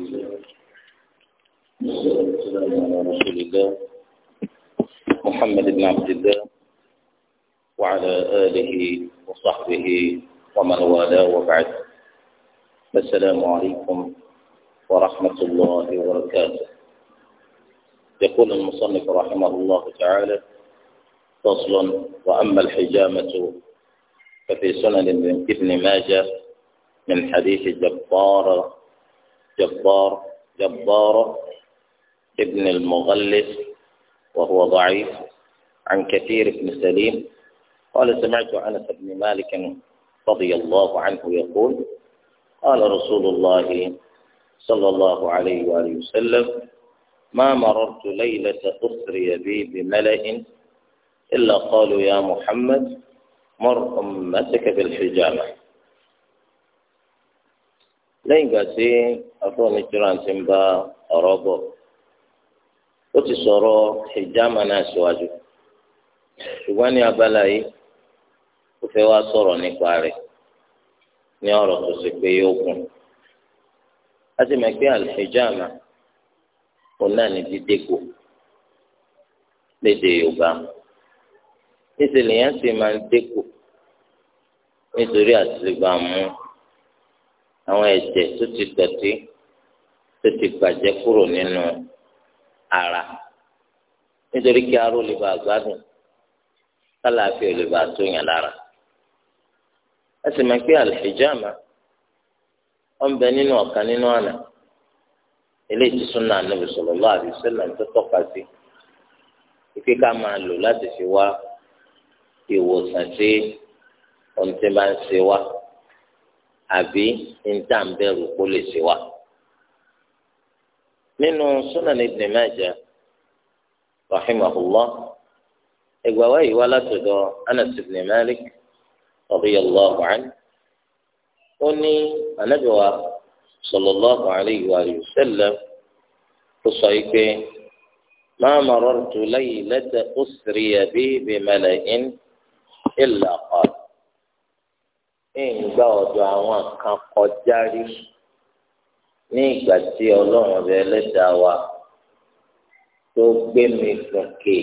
والسلام على رسول الله محمد بن عبد الله وعلى آله وصحبه ومن والاه وبعد السلام عليكم ورحمة الله وبركاته يقول المصنف رحمه الله تعالى فصل وأما الحجامة ففي سنن ابن ماجه من حديث جبار جبار جبار ابن المغلس وهو ضعيف عن كثير بن سليم قال سمعت أنس بن مالك رضي الله عنه يقول قال رسول الله صلى الله عليه وآله وسلم ما مررت ليلة أسري بي بملأ إلا قالوا يا محمد مر أمتك بالحجامة lẹ́yìn ìgbà tí afọ ti ń bá ọ̀rọ̀ bọ̀ ó ti sọ̀rọ̀ hijama náà síwájú ṣùgbọ́n ní abala yìí kò fẹ́ wá sọ̀rọ̀ nípa rẹ̀ ní ọ̀rọ̀ tó ṣe pé yóò kún a ti mọ̀ pé alhijama òun náà ní dídégbò lédè Yorùbá máa àwọn ẹ̀jẹ̀ tó ti dọ̀tí tó ti bàjẹ́ kúrò nínú ara nítorí kí aró lè bá gbádùn kálàáfíà lè bá tó yàn lára ẹ sì máa pé àlùfíjàmà wọn bẹ nínú ọ̀kan nínú àná eléyìí súnà Ànábì sallallahu alaihi wasallam tó tọ́ka sí ike ká máa lò láti fi wá ìwòsàn tí ohun tí máa ń ṣe wá àbí níta ń bẹ̀rù kó lè ṣe wá. nínú Sunan Ibn Majah rahimahullah ẹgbẹ́ wa yìí wá látọ̀dọ̀ Anas ibn Malik radiyallahu anhu ó ní anábìwá sallallahu alayhi wa sallam ó sọ yìí pé ma marartu laylata usriya bi bi mala'in illa qala ìgbà ọ̀dọ̀ àwọn kan kọjá rí ní ìgbà tí ọlọ́run rẹ lẹ́dàá wa tó gbé mi gòkè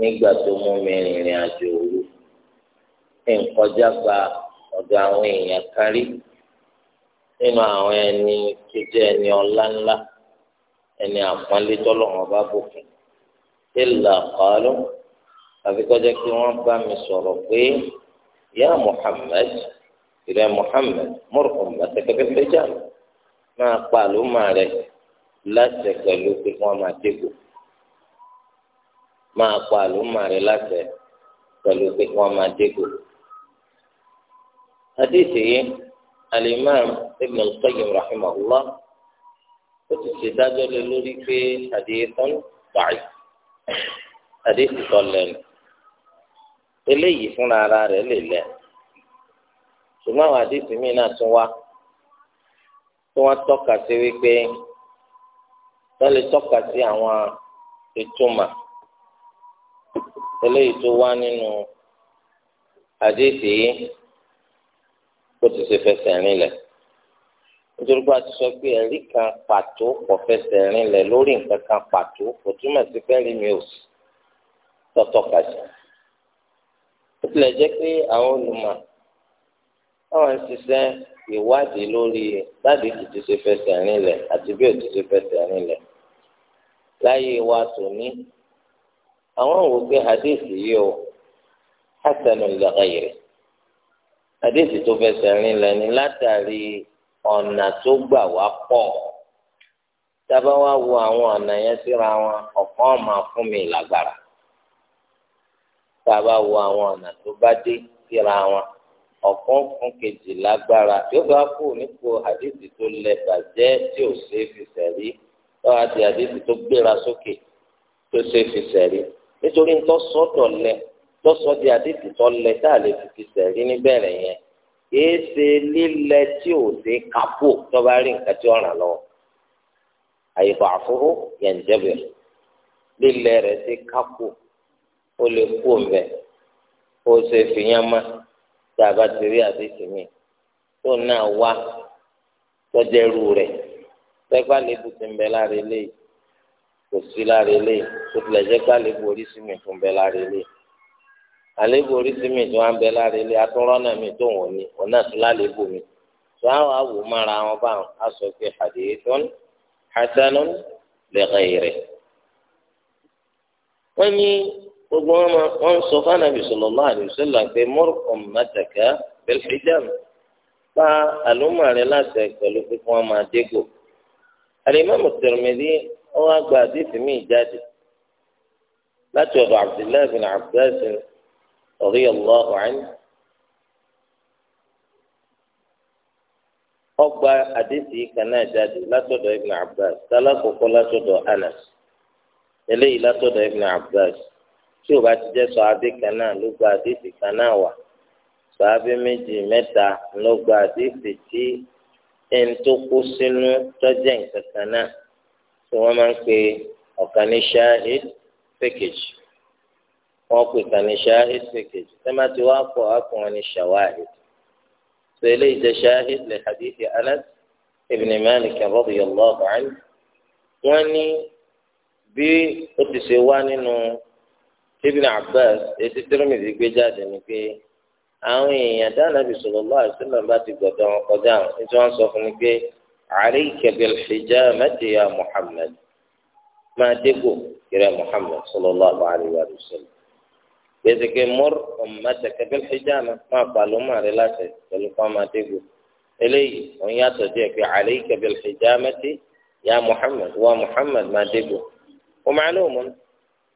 nígbà tó mú mi rìnrìn àjò òru nkọjá gba ọ̀dọ̀ àwọn èèyàn kárí nínú àwọn ẹni tó jẹ́ ẹni ọlá ńlá ẹni àpọ́nlé tọ́lọ́run bá bòkun ilà kọ́ọ́lù àfikọ́jẹ́ pé wọ́n bá mi sọ̀rọ̀ pé yá Muhammad. ìrẹ Muhammad mọrùkùn lásìkò pẹpẹ jà máa pa àlùmọ rẹ láṣẹ pẹ̀lú pé wọn máa dégò máa pa àlùmọ rẹ láṣẹ pẹ̀lú pé wọn máa dégò. hadith yìí alimam ibn al-qayyim rahimahullah ó ti ṣe dájọ́ lé lórí pé ara rẹ̀ lè ṣùgbọ́n àwọn àdéhùn mi náà tún wá tí wọ́n tọ́ka sí wípé wọ́n lè tọ́ka sí àwọn ìtumà eléyìí tó wá nínú àdéhùn yìí kó ti ṣe fẹsẹ̀ rinlẹ̀ nítorí pé a ti sọ pé ẹ̀rí kan pàtó kò fẹsẹ̀ rinlẹ̀ lórí nǹkan kan pàtó kò túmọ̀ sí pẹ́ẹ́lí mi ò sí tọ́tọ́ka sí. ó tilẹ̀ jẹ́ pé àwọn olùmọ̀ táwọn ṣiṣẹ́ ìwádìí lórí báàdì títí ṣe fẹsẹ̀ rinlẹ̀ àti bí òtí ṣe fẹsẹ̀ rinlẹ̀ láyé wa tòní àwọn wò pé hadith yìí o hasanu lẹ́kẹ̀yẹ̀ hadith tó fẹsẹ̀ rinlẹ̀ ni látàrí ọ̀nà tó gbà wá pọ̀ tábà wá wo àwọn ọ̀nà yẹn síra wọn ọ̀kan máa fún mi lágbára tábà wo àwọn ọ̀nà tó bá dé síra wọn ọ̀kan fún kejì lágbára yóò bá kú nípò àdéhùn tó lẹ bàjẹ́ tí ò ṣe é fi sẹ̀rí lọ́wọ́ àti àdéhùn tó gbéra sókè tó ṣe é fi sẹ̀rí nítorí ntọ́sọ́dọ̀ lẹ tọ́sọ́ di àdéhùn tó lẹ tá a lè fi fi sẹ̀rí níbẹ̀rẹ̀ yẹn kìí ṣe lílẹ tí ò ṣe kápò tó bá rí nǹkan tí ó ràn lọ́wọ́ àyèfà àfúrú yẹn jẹ́bẹ̀ lílẹ rẹ̀ ṣe kápò ó lè kú ọ̀bẹ ó ṣe fìyàn máa tá a bá ti rí àdéhùn mi tó náà wá tọ́jẹ́rú rẹ̀ tẹ́gbà lébu ti ń bẹ lára eléyìí kò sí lára eléyìí tó tilẹ̀ jẹ́ gbà lébu oríṣi mi tó ń bẹ lára eléyìí àlébu oríṣi mi tó ń bẹ lára eléyìí atúrọ́ mi tó wọ̀n ni wọ́n náà lálébu mi tó àwọn awò mára wọn bá wọn á sọ pé hadithun hasanun li ghairi. wọ́n ní gbogbo wọn wọn sọ fanabi sallallahu alaihi wasallam pé murqum mataka bil hijab pa àlùmọ rẹ láti pẹ̀lú pípọ wọn máa dégò alimami Tirmidhi wọn wá gba àdìsí mi jáde láti ọ̀dọ̀ abdullahi bin abbas radiyallahu anhu ọgbà àdìsí kan náà jáde látọ̀dọ̀ ibn abbas tálákòókò látọ̀dọ̀ anas eléyìí látọ̀dọ̀ ibn abbas tí o bá ti jẹ́ sọ́hábí kan náà ló gba àdéhìí kan náà wà sọ́hábí méjì mẹ́ta ló gba àdéhìí tí ẹni tó kó sínú tọ́jẹ́ nǹkan kan náà tí wọ́n máa ń pe ọ̀kan ní ṣáhid pẹ́kẹ̀jì wọ́n pè kan ní ṣáhid pẹ́kẹ̀jì tẹ́lá tí wọ́n á pọ̀ á wọn ní ṣàwáhid tó eléyìí jẹ́ lè hadithi Anas ibn Malik radiyallahu anhu wọ́n ní bí ó ti ṣe wá nínú ibn abbas etí tirimidi gbé jáde ni pé àwọn èèyàn dánábì sallallahu alaihi wasallam bá ti gbọdọ wọn kọjá àwọn tí wọn sọ fún mi pé alayka bil hijamati ya muhammad máa dégò kiri muhammad sallallahu alaihi wasallam gbèsèké mọr ummataka bil hijama máa pàlọ máa rẹ láti pẹ̀lú fún máa dégò eléyìí wọn yàtọ̀ díẹ̀ pé alayka bil hijamati ya muhammad wa muhammad máa dégò wọn máa lóun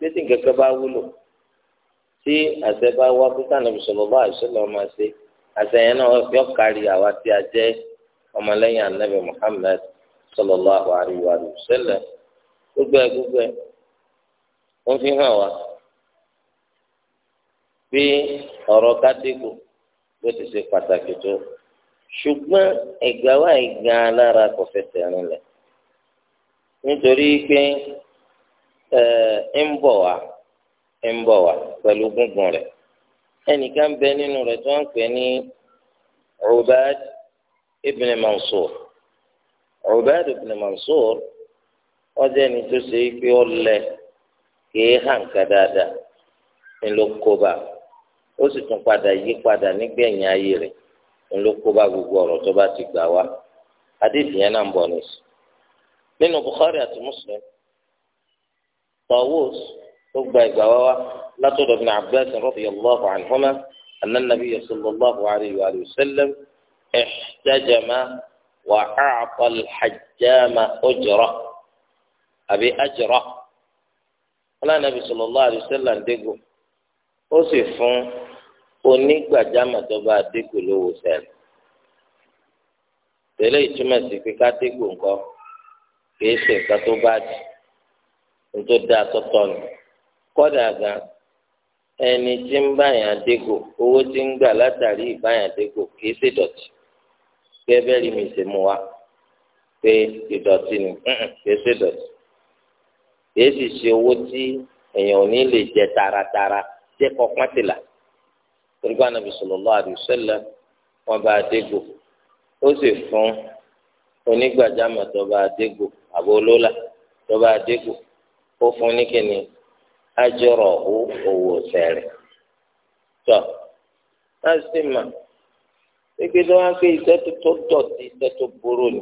títí keke bá wúlò tí àṣẹ bá wá pé sànàbì sọlọ bá àṣẹ lọ máa ṣe àṣẹ yẹn náà yọ kárí àwa tí a jẹ ọmọlẹ́yìn anabi muhammed sọlọ lọ àwọn rẹ ṣẹlẹ̀ gbogbo ẹ gbogbo ẹ ó fi hàn wá bí ọ̀rọ̀ kádégò bó ti ṣe pàtàkì tó ẹ eh, ń bọ̀ wá ẹ ń bọ̀ wá pẹ̀lú gúngun rẹ̀ ẹnìkan bẹ nínú tí wọ́n pè ní Ubad ibn Mansur Ubad ibn Mansur wọ́n jẹ́ tó ṣe pé ó lẹ hàn ká dáadáa ó sì tún padà yí gbogbo ọ̀rọ̀ tó ti gbà wá طاووس ربما يقوى لا ترى ابن عباس رضي الله عنهما أن النبي صلى الله عليه وآله وسلم احتجم وأعطى الحجام أجرة أبي أجرة قال النبي صلى الله عليه وسلم دقوا أصفوا onígbàjámà tó bá adégbò lówó sẹ́ẹ̀lì tẹ́lẹ̀ ìtumọ̀ sí pé kìí ṣe nǹkan bá dì ètò dáa tọ́tọ́ ni kọ́dà gan ẹni tí ń báyàn dégò owó tí ń gbà látàrí ìbáyàn dégò kìí ṣe dọ̀tí gẹ́gẹ́ rí mi ṣe mú wa pé ìdọ̀tí ni kìí ṣe dọ̀tí kìí sì ṣe owó tí èèyàn ò ní lè jẹ taratara jẹ́ torí wọn bá dégò ó fún ajọrọ owó owó sẹrẹ tọ láti sì mà gbégbé ló wá gbé iṣẹ́ tó tó burú ni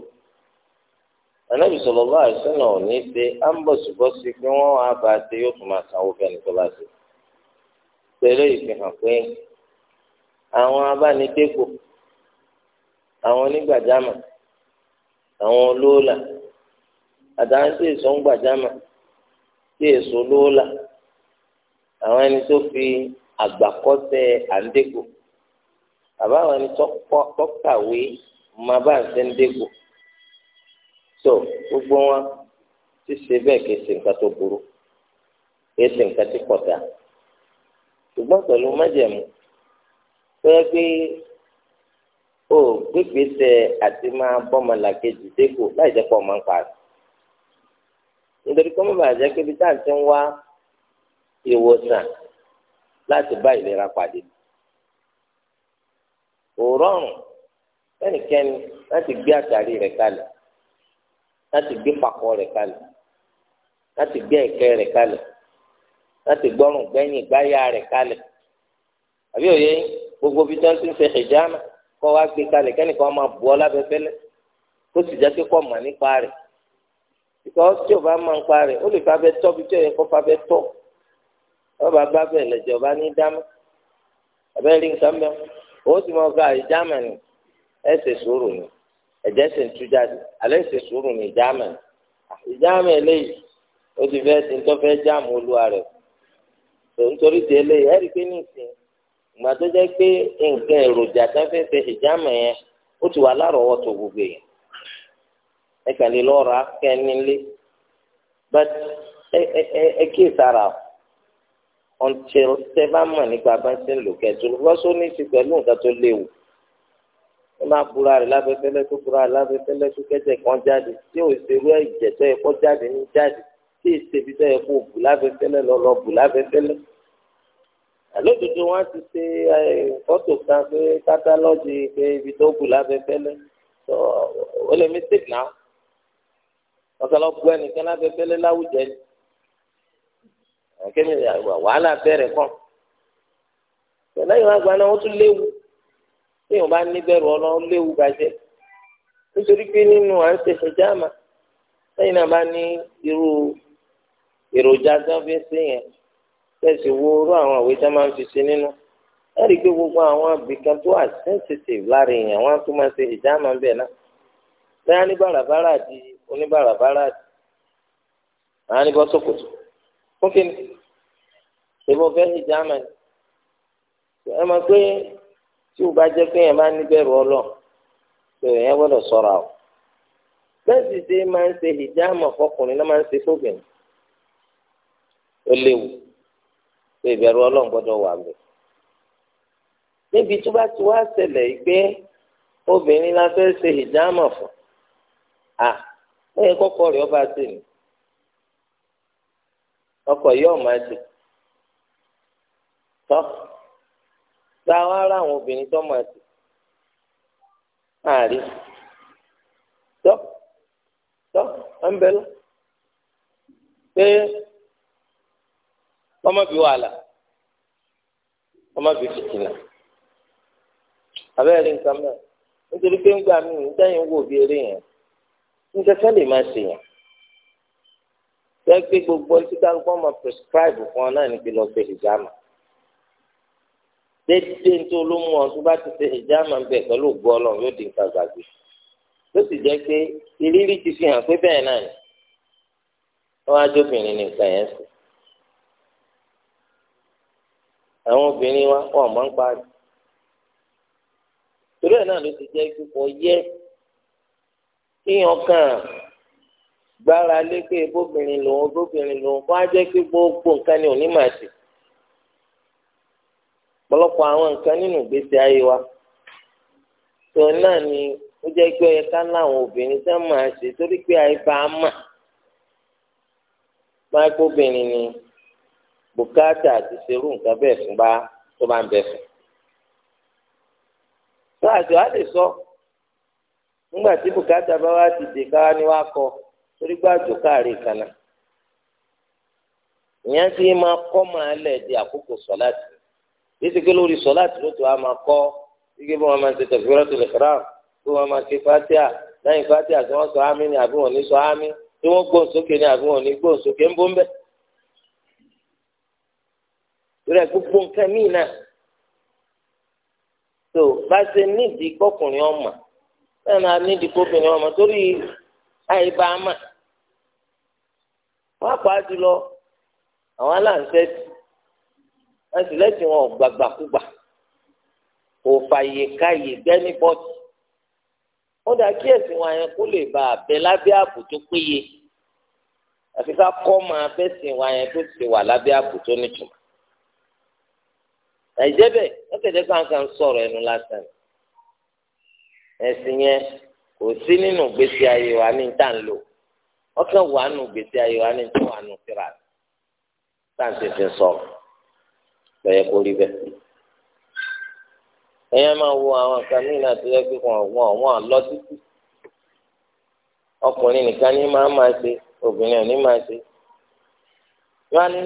ànábì sọlọ bá àìsànà ò ní ṣe à ń bọ̀sibọ́sí pé wọ́n á bá a ṣe yóò tún máa sanwó fẹ́ni tó bá ṣe pẹ̀lú ìfihàn pé àwọn abánidéko àwọn onígbàjámà àwọn olóòlà àtàwọn tí èso lówó la àwọn ẹni tó fi àgbàkọ́sẹ̀ àńdégbò bàbá àwọn ẹni tó kàwé máa bá ń sẹ́ ń dégbò tó gbogbo wọn ti ṣe bẹ́ẹ̀ kì í ṣe nǹkan tó burú kì í ṣe nǹkan tí kò dáa ṣùgbọ́n pẹ̀lú májẹ̀mú tó yẹ pé o gbégbèsè àti máa bọ́mọlàkejì dégbò láì jẹ́ pọ̀ máa ń parí nítorí kọ́ mọ̀ bàjẹ́ pé ibi tá à ń ti ń wá ìwòsàn láti bá ìlera pàdé kò rọrùn ẹnikẹ́ni láti gbé àtàrí rẹ̀ kalẹ̀ láti gbé pakọ́ rẹ̀ kalẹ̀ láti gbé ẹ̀kẹ́ rẹ̀ kalẹ̀ láti gbọ́rùn gbẹ́yìn gbáyà rẹ̀ kalẹ̀ àbí òye gbogbo bí tí wọ́n ti ń ṣe hijama kọ́ wá gbé kalẹ̀ kẹ́nìkan máa bù ọ́ lábẹ́fẹ́lẹ́ kó sì jẹ́ kíkọ́ mọ̀ nípa rẹ̀ because tí o bá máa ń pa lè fa bí tí o yẹ kó fa bẹ́ tọ́ ọba bá bẹ̀ lẹ́jọ́ bá ní dáná ẹ̀bẹ́ rí nǹkan mẹ́ o sì ni ẹ̀jẹ̀ sì ń tú jáde alẹ́ ṣe sùúrù ni ìjámẹ̀nì ah, ìjámẹ̀ eléyìí ó ti fẹ́ ti ń tọ́ fẹ́ jáàmù olúwa rẹ̀ tó nítorí ti eléyìí ẹ̀rí pé ní ìsìn ìgbà tó pé nǹkan èròjà yẹn ti wà gbogbo ẹ kàn lè lọ ra kẹ́ but ẹ ẹ ẹ kí ìsara o until tẹ bá mọ̀ nípa bá ń ṣe ń lò kẹ́tù lọ́sọ́ ní ti pẹ̀lú nǹkan tó léwu wọ́n máa búra rẹ̀ lábẹ́fẹ́lẹ́ tó búra rẹ̀ lábẹ́fẹ́lẹ́ tó kẹ́tẹ̀ kan jáde tí ò ṣerú ẹ̀jẹ̀ tó yẹ kó jáde ní jáde tí ìṣèbí tó yẹ kó bù lábẹ́fẹ́lẹ́ lọ bù lábẹ́fẹ́lẹ́ lódodo wọn ti ṣe fọ́tò kan pé kátálọ́ọ̀jì pé ibi tó bù lábẹ́fẹ́lẹ́ ó lè mistake náà. ọ̀sọ̀lọ̀ gbọ́ ẹnìkan lábẹ́ fẹ́lẹ́ láwùjẹ kémi wàhálà bẹ̀rẹ̀ kàn lẹ́yìn wá gba náà tún léwu bá níbẹ̀rù ọ̀nà ó léwu bàjẹ́ nítorí pé nínú à ń náà bá ní irú èròjà yẹn wo irú àwọn máa sensitive tún máa oníbàràbàrà àwọn àníbọ̀ sòkòtò fún kí ni èèmọ̀ fẹ́ ní germany ẹ mọ̀ pé tí o bá jẹ́ pé yẹn bá níbẹ̀rù ọlọ́ tó yẹn gbọ́dọ̀ sọ̀rọ̀ àwọ̀ bẹ́ẹ̀ sì ṣe máa ń ṣe hijama fọkùnrin náà máa ń ṣe fóbìnrin ó léwu tó ìbẹ̀rù ọlọ́run gbọ́dọ̀ wà lọ. níbi tó bá ti wá ṣẹlẹ̀ pé obìnrin la fẹ́ ṣe hijama fún à ó yẹ kọ́kọ́ ọba sí ni ọkọ̀ yóò máa ṣe tọ́ gba wá ara àwọn obìnrin tó máa ṣe àárí tọ́ tọ́ pé ọmọ bí ọmọ bí abẹ́rẹ́ nǹkan mẹ́rin nítorí pé ń gbà mí wò nǹkan lè máa ṣe yàn fẹ́ gbé gbogbo títà gbọ́n mọ̀ prescribe fún ọ náà níbi lọ ṣe hijama dédé tó ló mú ọ bá ti ṣe hijama bẹ̀ pẹ̀lú ògbó ọlọ́run yóò di nǹkan gbàgbé tó sì jẹ́ pé ìrírí ti fi hàn pé bẹ́ẹ̀ náà ni wọ́n á jóbìnrin ní nǹkan yẹn sí àwọn obìnrin wa wọn mọ̀ ń parí torí ẹ̀ náà ló ti jẹ́ pípọ̀ yẹ́ kíyàn kan gbára lé pé bóbìnrin lòun bóbìnrin lòun kó á jẹ́ pé gbogbo nǹkan ni òní màá ṣe ọ̀pọ̀lọpọ̀ àwọn nǹkan nínú ìgbésí ayé wa tó náà ni ó jẹ́ kí ọyẹ ká láwọn obìnrin tẹ́ máa ṣe torí pé àìbá a mà máa gbóbìnrin ni bùkátà àti ṣerú nǹkan bẹ́ẹ̀ fún bá tó bá ń bẹ fún. tó àjọ lè sọ. So, nígbà tí bùkátà bá wá ti dè káwá ni wá kọ torí gbájú káàrí kànáà ìyẹn ti máa kọ́ máa lẹ̀ di àkókò sọ́láàtì títí pé lórí sọ́láàtì ló tó a máa kọ́ wíkẹ́ bí wọ́n máa ṣe tẹ̀fẹ́rẹ́ tó lè fẹ́rẹ́ bí wọ́n máa ṣe fátíà lẹ́yìn fátíà tí wọ́n sọ ámì ni àbí wọ́n ní sọ ámì tí wọ́n gbóhùn sókè ni àbí wọ́n ní gbóhùn sókè ń bó ń bẹ́. rẹ̀ gbogbo nǹkan míì náà tó bá ṣe nídìí kọkùnrin ọmọ bẹ́ẹ̀ na ní ìdìbò obìnrin ọmọ torí àìbá ọma wọ́n pa á jùlọ àwọn aláǹsẹ́sì wọ́n sì lẹ́sìn wọn gbàgbàkúgbà kò káyè dà kí ẹ̀sìn wọn yẹn kó lè bá abẹ lábẹ́ ààbò tó péye àfi ká kọ́ máa bẹ́sìn wọn yẹn tó ti wà ẹ̀sìn yẹn kò sí nínú gbèsè ayé wa ní tá ń lò ọkàn wà nù gbèsè ayé wa ní tó wà nù síra tá à ń tètè sọ lọ́yẹ kó rí bẹ́ẹ̀. máa wo àwọn nǹkan ní ìlànà tó yẹ pé wọ́n wọ́n wọ́n lọ títí ọkùnrin nìkan ní máa máa ṣe obìnrin ní máa ṣe wọ́n á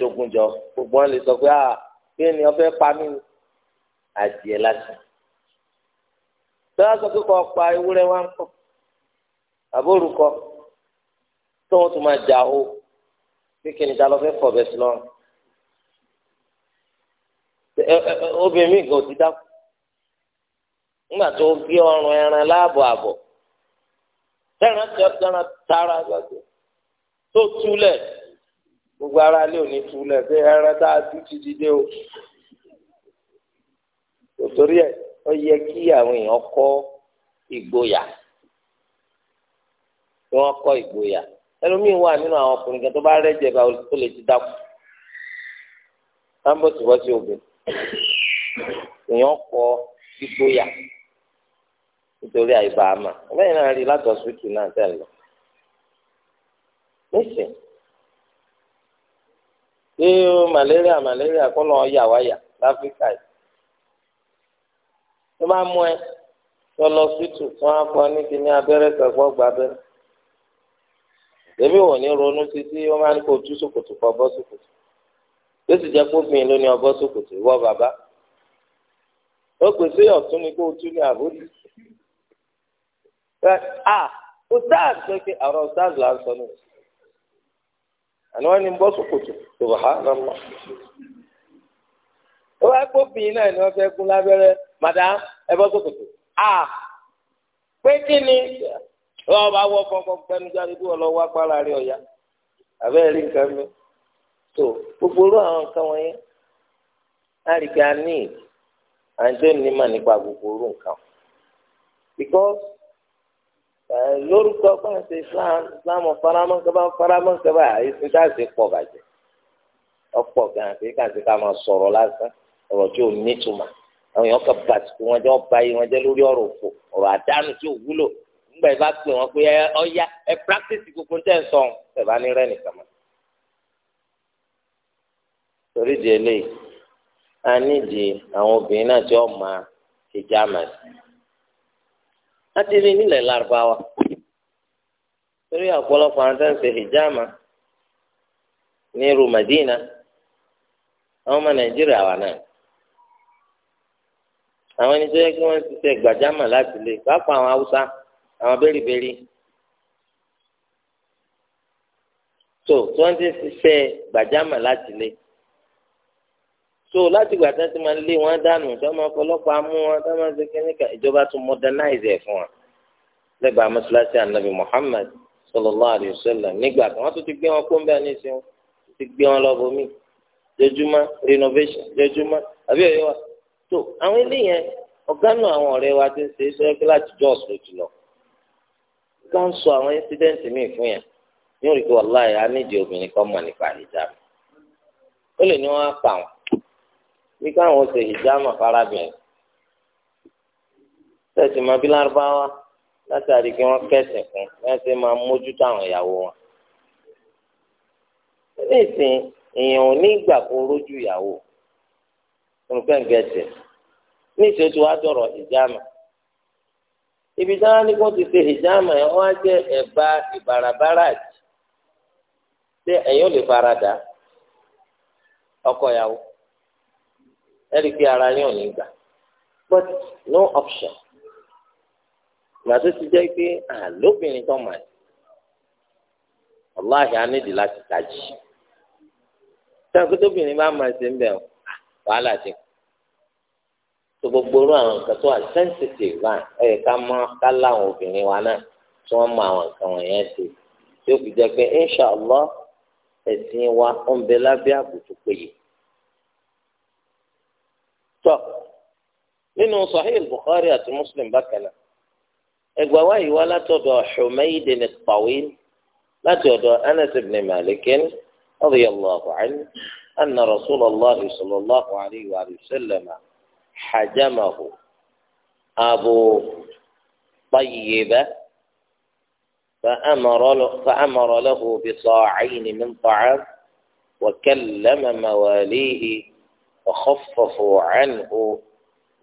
jọ gbogbo wọn lè sọ pé ah, ni ọbẹ̀ pa mí ni. adìẹ lásán tó sọ pé kò pa ewúrẹ́ wá ń kọ́ àbórúkọ tó wọn tún máa jà o pé kí ni ta lọ fẹ́ fọ̀ obìnrin mi gan ti dákú nígbà tó ọrùn ẹran láàbọ̀ àbọ̀ tara gbàgbé tó túlẹ̀ gbogbo ara lé òní ẹran tá a ti o. torí ẹ ọ yẹ kí àwọn èèyàn kọ́ ìgboyà kí wọ́n ìgboyà ẹlòmíín wà nínú àwọn ọkùnrin kan tó bá rẹ́jẹ̀ bá ó lè ti dákú ambosibosi obìnrin èèyàn kọ́ ìgboyà nítorí àìbá àmà lẹ́yìn náà rí látọ̀ sùtù náà tẹ̀lé nísìn ṣé malaria malaria kọ́ lọ́ọ́ yà wáyà láfíríkà yìí. tó bá mú ẹ lọlọ sítù wọn á kọ ní kíní abẹ́rẹ́ kẹfọ gba abẹ́rẹ́ èmi wò ní ronú títí wọn máa ní kó tú sòkòtò kọ bọ sòkòtò yóò sì jẹ kófin ló ní ọbọ sòkòtò ìwọ bàbá ó pèsè ọ̀tún ni kó tú ní àbójú a ustaz kéke àwọn ustaz là ń sọ nù àná wọn ni ń bọ sòkòtò tó bá rà mọ ó wá kófin náà ni wọn fẹ́ lábẹ́rẹ́ madam. ẹ bọ́ sókòtò a pé kí ni ọba wọ fọfọ gbẹnujáde bí ọlọ́wọ́ agbára rẹ ọ̀yá àbẹ́rẹ́ rí nǹkan mi tó gbogbo orú àwọn nǹkan wọ̀nyẹn àríkà ní àjọ onímọ̀ nípa gbogbo orú nǹkan because lórúkọ pàṣẹ islam islam faramọ́ kaba faramọ́ kaba àìsí tá a ṣe pọ̀ bàjẹ́ ọ̀pọ̀ gan àti kàṣí ká máa sọ̀rọ̀ lásán ọ̀rọ̀ tí ò ní túmọ̀. àwọn èèyàn kan bá sùkú wọn jẹ wọn yìí wọn jẹ lórí ọ̀rọ̀ òfò ọ̀rọ̀ àdánù tí ò wúlò nígbà yìí bá pè wọn pé ẹ ẹ practice gbogbo tẹ ń sọhún ní rẹ nìkan torí di eléyìí a àwọn obìnrin náà tí rí nílẹ̀ lárúbáwá torí ọ̀pọ̀lọpọ̀ àwọn tó ń ṣe ní àwọn ọmọ Nàìjíríà wà náà. àwọn ẹni tó yẹ kí wọ́n ti tẹ gbàjámà láti lè pápá àwọn haúsá àwọn bẹ́rìbẹ́rì tó tí wọ́n ti ṣiṣẹ́ gbàjámà láti lè tó láti gbà tán ti máa lé wọn dànù tó máa fọlọ́pàá mú wọn tó máa ṣe kẹ́míkà ìjọba tún modernize ẹ̀ fún wọn lẹ́bàá mọ́ṣáláṣí ànábì Muhammad sallallahu alayhi wa sallam nígbà tí wọ́n tún ti gbé wọn kó ń bẹ́ẹ̀ ní ìsìn wọn ti gbé wọn lọ bomi jọjúmọ́ renovation jọjúmọ́ àbí ẹ̀yọ́ wa. tó àwọn eléyẹn ọ̀gá nù àwọn ọ̀rẹ́ wa ti ń ṣe é sọ láti jọ ọ̀sùn jùlọ ká ń sọ àwọn incident míì fún yẹn ní òrìkì wàláyé a nídìí obìnrin kan nípa hijama ó lè ní wọn á pa wọn bí káwọn ṣe ma bí lárúbáwá látàrí kí wọ́n fún máa mójútó àwọn ìyàwó wọn nísìnyí èèyàn ò ní ìgbà kó rójú ní ìṣètò àdọ̀rọ̀ hijama ibi tí ní kó ti ṣe hijama yẹn wọn á jẹ ẹ̀bá ìbarabáràjì ṣé farada ọkọ ìyàwó ẹ ara yín ò but no option ìgbà ti jẹ́ pé àlóbìnrin tó mà ní ọláhìn láti tají tí àkótóbìnrin bá máa ṣe ń bẹ̀ tó gbogbo irú àwọn nǹkan tó wà sensitive báyìí ẹ yẹ ká mọ ká láwọn obìnrin wa náà tí wọ́n mọ àwọn nǹkan wọ̀nyẹn ṣe tí ó fi jẹ́ pé inshàlá ẹ̀sìn wa ń bẹ lábẹ́ àbùtù péye. tọ́ nínú sahih bukhari àti muslim bákan náà ẹgbẹ́ wa yìí wá látọ̀dọ̀ Humayd at-Tawil láti ọ̀dọ̀ Anas ibn Malik radiyallahu anhu anna rasulallah sallallahu alayhi wa sallam. حجمه أبو طيبة فأمر له, فأمر له بصاعين من طعام وكلم مواليه وخففوا عنه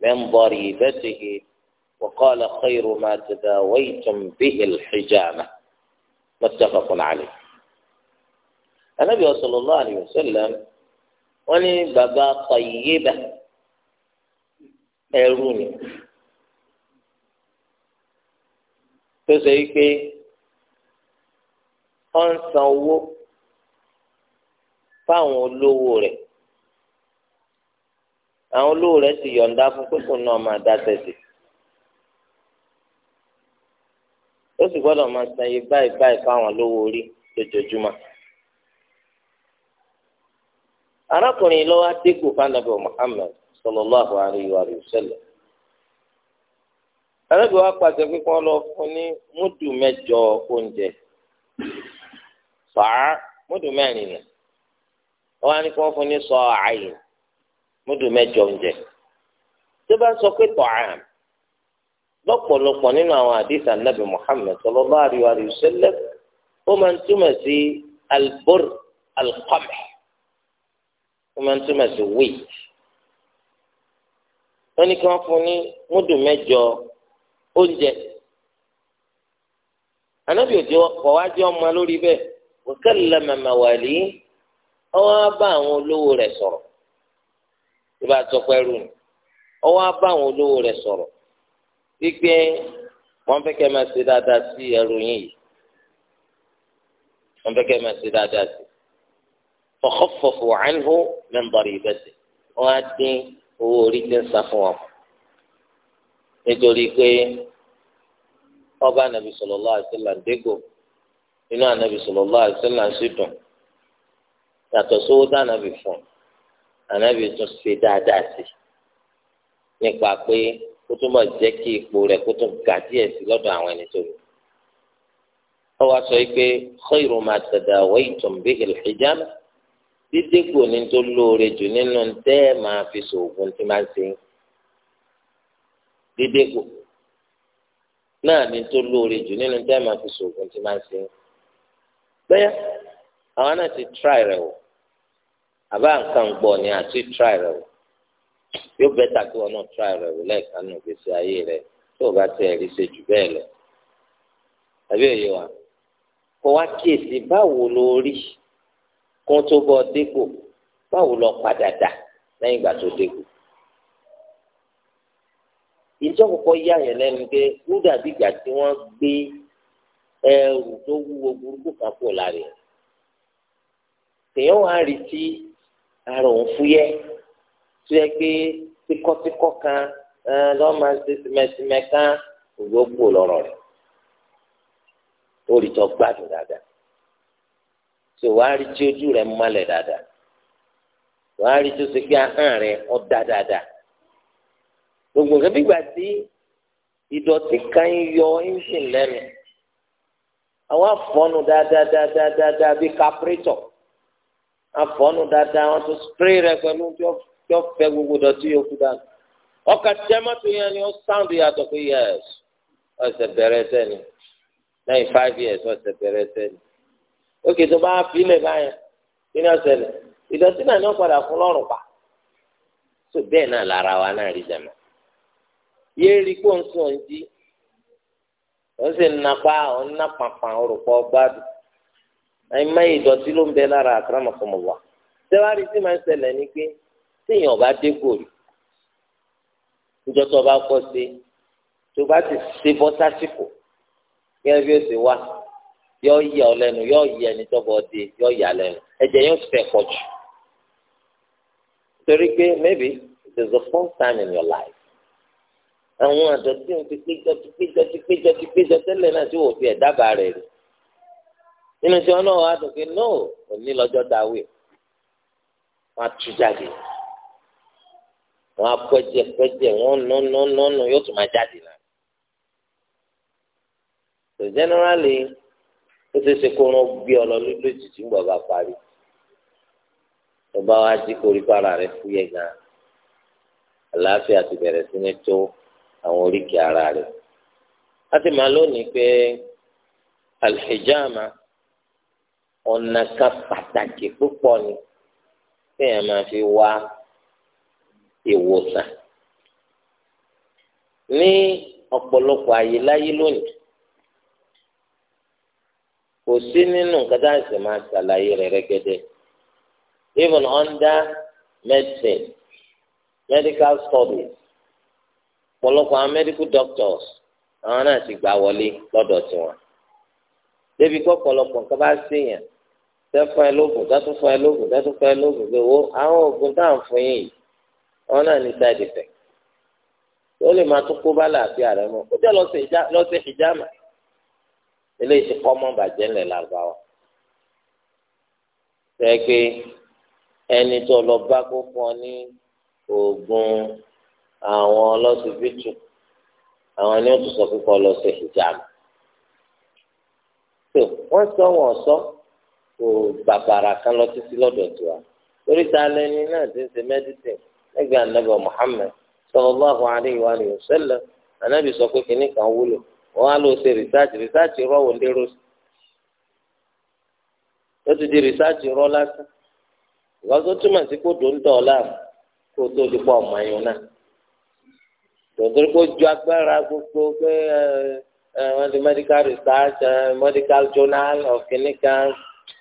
من ضريبته وقال خير ما تداويتم به الحجامة متفق عليه النبي صلى الله عليه وسلم وني بابا طيبة ẹrú ni tó ṣe wípé ó ń san owó fáwọn olówó rẹ̀ àwọn olówó rẹ̀ sì yọ̀ǹda fún pípò náà máa dá tẹ̀sí ó sì gbọ́dọ̀ máa san iye báyìí báyìí fáwọn olówó orí lójoojúmọ́ arákùnrin lọ́wọ́ adégò fanabi Muhammad sallallahu alayhi wa sallam. àlejò wa pàṣẹ pé kí wọ́n lọ fún ní múdù mẹ́jọ oúnjẹ sọ̀á múdù mẹ́rin nà wọ́n á ní kí wọ́n fún ní sọ àyè múdù mẹ́jọ oúnjẹ tó bá sọ pé tọ̀hán lọ́pọ̀lọpọ̀ nínú àwọn àdìsá nàbì Muhammad sallallahu alayhi wa sallam ó máa ń túmọ̀ sí albur alqamh ó máa ń túmọ̀ sí wíìtì wọ́n ní kí wọ́n fún ní múdù mẹ́jọ oúnjẹ anabi òjò kọ̀ wá jẹ́ ọmọ lórí bẹ́ẹ̀ wa kallama mawali ọwọ́ á bá àwọn olówó rẹ̀ sọ̀rọ̀ ìbá tọpẹ́ rù ní ọwọ́ á àwọn olówó rẹ̀ sọ̀rọ̀ wípé wọ́n fẹ́ máa ṣe dáadáa sí ẹrù yín yìí wọ́n fẹ́ máa ṣe dáadáa sí fa khaffafu anhu min daribati wọ́n á dín owó orí ti ń san fún wọn nítorí pé ọba anabi sallallahu alaihi wasallam dégò inú anabi sallallahu alaihi wasallam sì dùn yàtọ̀ sówó tá anabi fún anabi tún ṣe dáadáa sí nípa pé kó tún bọ̀ jẹ́ kí ipò rẹ̀ kó tún ga díẹ̀ sí lọ́dọ̀ àwọn ẹni tó lò ó wá sọ pé khairu ma tadawaytum bihi al-hijama dídínkù ní tó lóore jù nínú tẹ́ ẹ máa fi ṣoògùn tí máa ń ṣe dídínkù náà ní tó lóore jù nínú tẹ́ máa fi ṣoògùn tí máa ń ṣe bẹ́ẹ̀ àwọn náà ti try rẹ̀ wò àbá nǹkan gbọ́ ni àti try rẹ̀ wò yóò bẹ́tà kí wọn náà try rẹ̀ wò lẹ́ẹ̀kan nù gbèsè ayé rẹ̀ tó o bá tiẹ̀ rí ṣe jù bẹ́ẹ̀ lọ àbí òye wa kò wá kíyèsí báwo lo kó tó bọ dépò báwo lọ padà dà lẹ́yìn ìgbà tó dépò. ìjọ kọ́kọ́ yà yẹn lẹ́nu pé ó dàbí ìgbà tí wọ́n gbé ẹrù tó wúwo burúkú kan pò lára ẹ̀. tèèyàn wá rí tí ara òun fúyẹ́ tó yẹ pé tíkọ́tíkọ́ kan lọ́ọ́ máa ṣe tìmẹ̀tìmẹ̀ kan ògbó pò lọ́rọ̀ rẹ̀ ó rí tó gbádùn dáadáa so wàá rí tí ojú rẹ mọ́lẹ̀ dáadáa wàá rí tó ṣe pé ahọ́n rẹ ọ dá dáadáa gbogbo nǹkan bí gbà tí ìdọ̀tí kan ń yọ engine lẹ́nu àwọn afọ́nù dáadáadáadáa bíi kápírítọ̀ afọ́nù dáadáa wọn tó spray rẹ pẹ̀lú tí wọ́n fẹ́ gbogbo dọ̀tí yòókù dànù ọkà tẹ́mọ́tò yẹn ni ó sound yàtọ̀ pé yes ọ̀sẹ̀ bẹ̀rẹ̀ sẹ́ni lẹ́yìn five years ọ̀sẹ̀ bẹ̀rẹ̀ sẹ́ni òkè tó bá filẹ̀ báyẹn kí ni ọ̀sẹ̀lẹ̀ ìdọ̀tí náà ni wọ́n padà fún lọ́rùn pa tó bẹ́ẹ̀ náà lára wa náà rí jẹ̀mọ́ yéé rí kó ń sùn jí ó sì ń napá ó ń napàpà òrùkọ gbádùn àìmáyé ìdọ̀tí ló ń bẹ lára àkàràmọ̀kọ̀mọ̀ wà tẹ́wárí sí máa ń ṣẹlẹ̀ ni pé téèyàn bá dé gòrì níjọ́ bá kọ́ sí tó bá ti ṣe bọ́ sásìkò gẹ́gẹ́ bí ó ṣe wà yọ yẹ ọ lẹ́nu yọ yẹ ẹni tọbọ ọdẹ yọ yà lẹ́nu ẹ̀jẹ̀ yóò fẹ́ pọ̀ jù torí pé maybe it is the first time in your life àwọn àdọ̀tí ń ti péjọ ti péjọ ti péjọ ti péjọ tẹ́lẹ̀ náà tí wò ó fi ẹ̀ dábàá rẹ̀ rí nínú tí wọn náà wà dùn pé no òní lọ́jọ́ dáwé wọn á tú jáde wọn á pẹ́jẹ pẹ́jẹ wọn nù nù nù nù yóò tún máa jáde náà so generally ó ṣeé ṣe kó wọn gbé ọ lọ lójijì nígbà bá parí ọba wa jí korí para rẹ fúyẹ́ gan àlàáfíà ti bẹ̀rẹ̀ sí ní tó àwọn oríkì ara rẹ láti máa lónìí pé alhijama ọ̀nà kan pàtàkì púpọ̀ ni téèyàn máa fi wá ìwòsàn ní ọ̀pọ̀lọpọ̀ àyè lónìí kò sí nínú nǹkan tá máa ṣàlàyé rẹ̀ rẹ́gẹ́dẹ́ even under medicine medical studies pọ̀lọpọ̀ àwọn medical doctors àwọn náà ti gbà wọlé lọ́dọ̀ tiwọn débi kọ́ pọ̀lọpọ̀ nǹkan bá ṣèyàn tẹ fún ẹ lóògùn tẹ tún fún ẹ lóògùn tẹ tún fún ẹ lóògùn pé wo àwọn oògùn tá à ń fún yìí wọn náà ní side effect ó lè máa tún kó bá làbí ààrẹ mọ ó jẹ lọ sí hijama eléyìí ti kọ́ mọ́ bàjẹ́ ńlẹ̀ làgbàwọ̀ tẹ́ pé ẹni tó lọ bá kó fún ọ ní oògùn àwọn ọlọ́sibítù àwọn ni ó tún sọ pé kọ́ lọ sí ìjàmù tó wọ́n sọ wọ́n sọ kò bàbàrà kan lọ títí lọ́dọ̀ tiwa torí ta lẹni náà ti ń ṣe mẹ́dísìn lẹ́gbẹ̀ẹ́ anábọ̀ Muhammad sallallahu alaihi wa sallam anábì sọ pé kìnnìkan wúlò. wọ́n á lọ ṣe rìsáàjì rìsáàjì rọ wò lérò sí ó ti di rìsáàjì rọ lásán ìwà tó túmọ̀ sí kó dòun tọ̀ kó tó di ọmọ náà ju agbára gbogbo pé ndị di medical research medical journal of clinical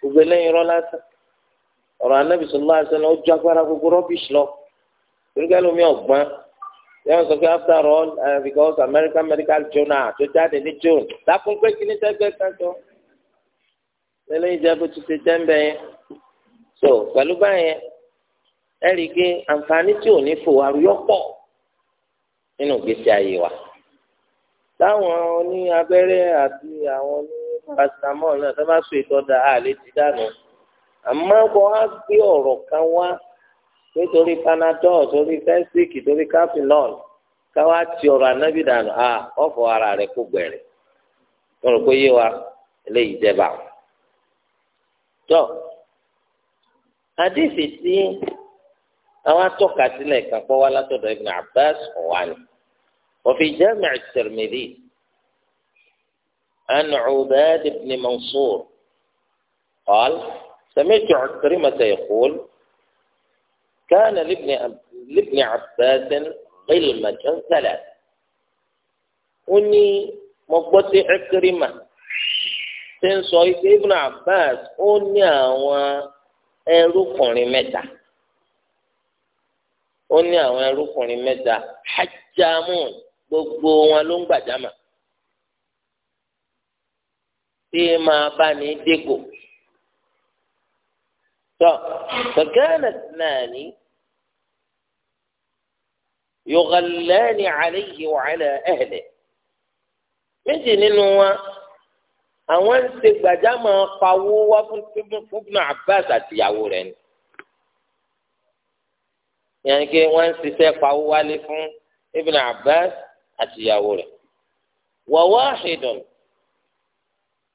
gbogbo eléyìí rọ lásán ọ̀rọ̀ anábìsọ̀lá àti ọ̀nà ó ju agbára gbogbo rọ́bìṣì lọ torí ọ̀gbọ́n. yẹn sọ pé after all uh, because American Medical Journal tó jáde ní June lákùn pé kí ní tẹ́gbẹ́ kájọ lẹ́lẹ́yìn jẹ́ bó ti ṣe jẹ́ ń bẹ yẹn so pẹ̀lú báyẹn ẹ rí i pé àǹfààní tí ò ní fò àrùyọ pọ̀ nínú ìgbésí ayé wa táwọn oní abẹ́rẹ́ àti àwọn oní paracetamol náà tó bá so ìtọ́jà àlè ti dànù àmọ́ kó wá gbé ọ̀rọ̀ kan wá nítorí panadol torí fensic torí cafenol káwá ti ọ̀rọ̀ anábì dànù a ọ̀fọ̀ ara rẹ̀ kó gbẹ̀rẹ̀ wọn rò pé yé wa eléyìí jẹba tọ àdìsí tí àwọn atọ́ka sílẹ̀ kan wá látọ̀dọ̀ Ibn Abbas ọ̀wánì وفي جامع الترمذي عن عباد بن منصور قال سمعت عكرمة يقول كان لابن لابن عباس غلمة ثلاث وني مقبتي عكرمة تنسوا ابن عباس وني أوان ẹrúkùnrin mẹ́ta ó ní àwọn ẹrúkùnrin mẹ́ta hajjamun gbogbo wọn ló ń gbàjámà tí máa bá ní dégò tọ fẹkẹrẹ náà ní yọ̀gànlẹ́ni àlẹ́yìí wàhálà ẹ̀hẹ̀lẹ̀ méjì nínú wa àwọn ń ṣe gbàjámọ̀ pawó wá fún fúnà Abbas àtìyàwó rẹ̀ ni yẹn ké wọ́n ń ṣiṣẹ́ pawó wálé fún Ibn Abbas àtìyàwó rẹ̀ wa wahidun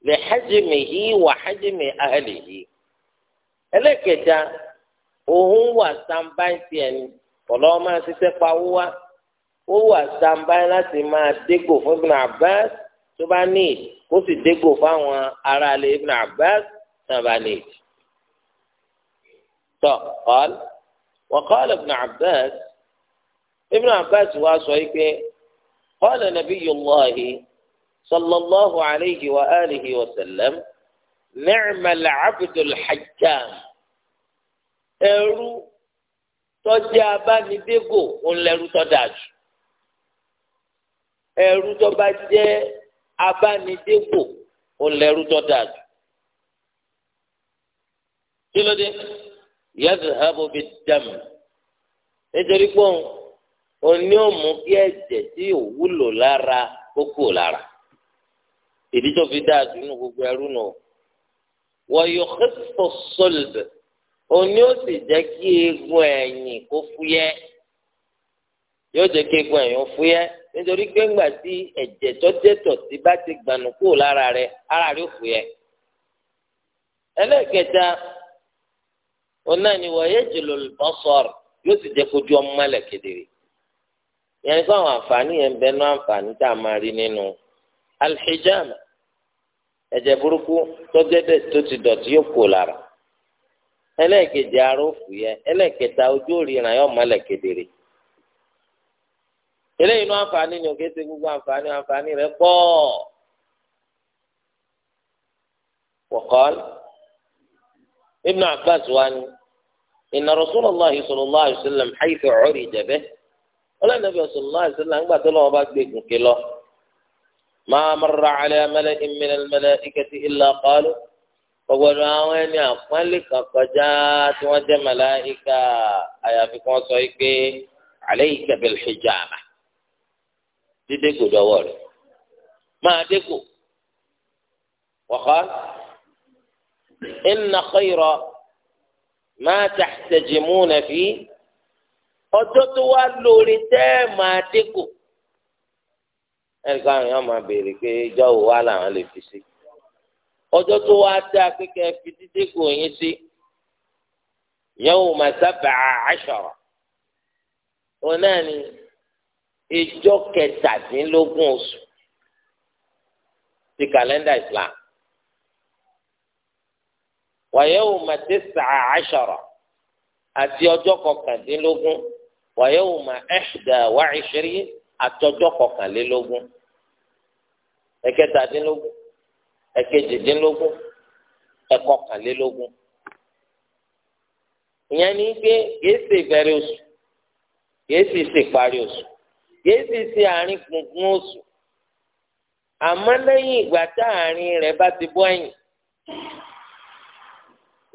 li hajmihi wa hajmi ahlihi ẹlẹ́kẹta òun wà sàǹbáǹtì ẹni ọ̀lọ́ máa ṣiṣẹ́ pa owó wá ó wà sàǹbá láti máa dégò fún Ibn Abbas tó bá ní kó sì dégò fáwọn aráalé Ibn Abbas náà bá ní. tọ́ ọ̀l وقال ابن عباس ابن عباس واسويك قال نبي الله صلى الله عليه وآله وسلم نعم العبد الحجام ẹrú tọ́jú abánidégò ńlẹ́rú tó dáa jù ẹrú tó bá jẹ́ abánidégò ńlẹ́rú tó dáa jù kí ló dé yadhabu bid-dam nítorí pé òní ò mú kí ẹ̀jẹ̀ tí ò wúlò lára kó lára ìdí tó fi dáa jù nù gbogbo ẹrú nù wa yukhaffu as-sulb. òní o si je ki eegun ẹ̀yìn ko fúyẹ́ yóò jẹ́ kí eegun fuye ó fúyẹ́ nítorí pé tí ẹ̀jẹ̀ tó jẹ́ bá ti gbanu lára ara re ó fúyẹ́ ẹlẹ́ẹ̀kẹta ọ̀nà ni jùlọ lọ́ sọ̀rọ̀ yóò sì jẹ́ kojú ọmọ kedere yẹn nípa àwọn àǹfààní yẹn bẹ́ẹ̀ náà àǹfààní tá a máa rí nínú alhijama ẹ̀jẹ̀ burúkú tó tó ti dọ̀tí yóò kó lára. ẹlẹ́ẹ̀kejì ara òfù yẹ ẹlẹ́ẹ̀kẹta ojú òrìràn yọ mọ́lẹ̀ kedere eléyìí inú àǹfààní ni òkè ṣe gbogbo àǹfààní àǹfààní rẹ pọ̀ wọ̀kọ́l Ibn Abbas wa ni inna Rasulullahi sallallahu alaihi wasallam haythu urija bihi ọlọ́nàbí sallallahu alaihi wasallam ńgbà tó lọ́wọ́ bá gbé gùnkè lọ ma marra ala mala'in min al-mala'ikati illa qalu ọgbọdọ àwọn ẹni àpọ́nlé kan kọjá tí wọ́n jẹ́ màláíkà àyàfi kan sọ pé alayka bil hijama dídégò dọwọ́ rẹ̀ máa dégò wọ́kọ́ inna khayra ma tahtajimuna fi ọjọ́ tó wá lórí tẹ́ máa dégò ẹnì kan àwọn máa béèrè pé ìjọ wo wá làwọn lè fi sí i ọjọ́ tó wá dá akéka fi dídé kò yín sí yawma sab'a ashara òun náà ni ìjọ kẹtàdínlógún oṣù ti kàlẹ́ndà islam wa yawma tis'a ashara àti ọjọ́ kọkàndínlógún wa yawma ihda wa àtọjọ́ kọkànlélógún ẹ̀kẹtàdínlógún ẹ̀kejìdínlógún ẹ̀kọkànlélógún ìyẹn ní pé kìí ṣe ìbẹ̀rẹ̀ oṣù kìí sì ṣe ìparí oṣù kìí sì ṣe àárín gbùngbùn oṣù àmọ́ lẹ́yìn ìgbà tá àárín rẹ̀ bá ti bọ́ ẹ̀yìn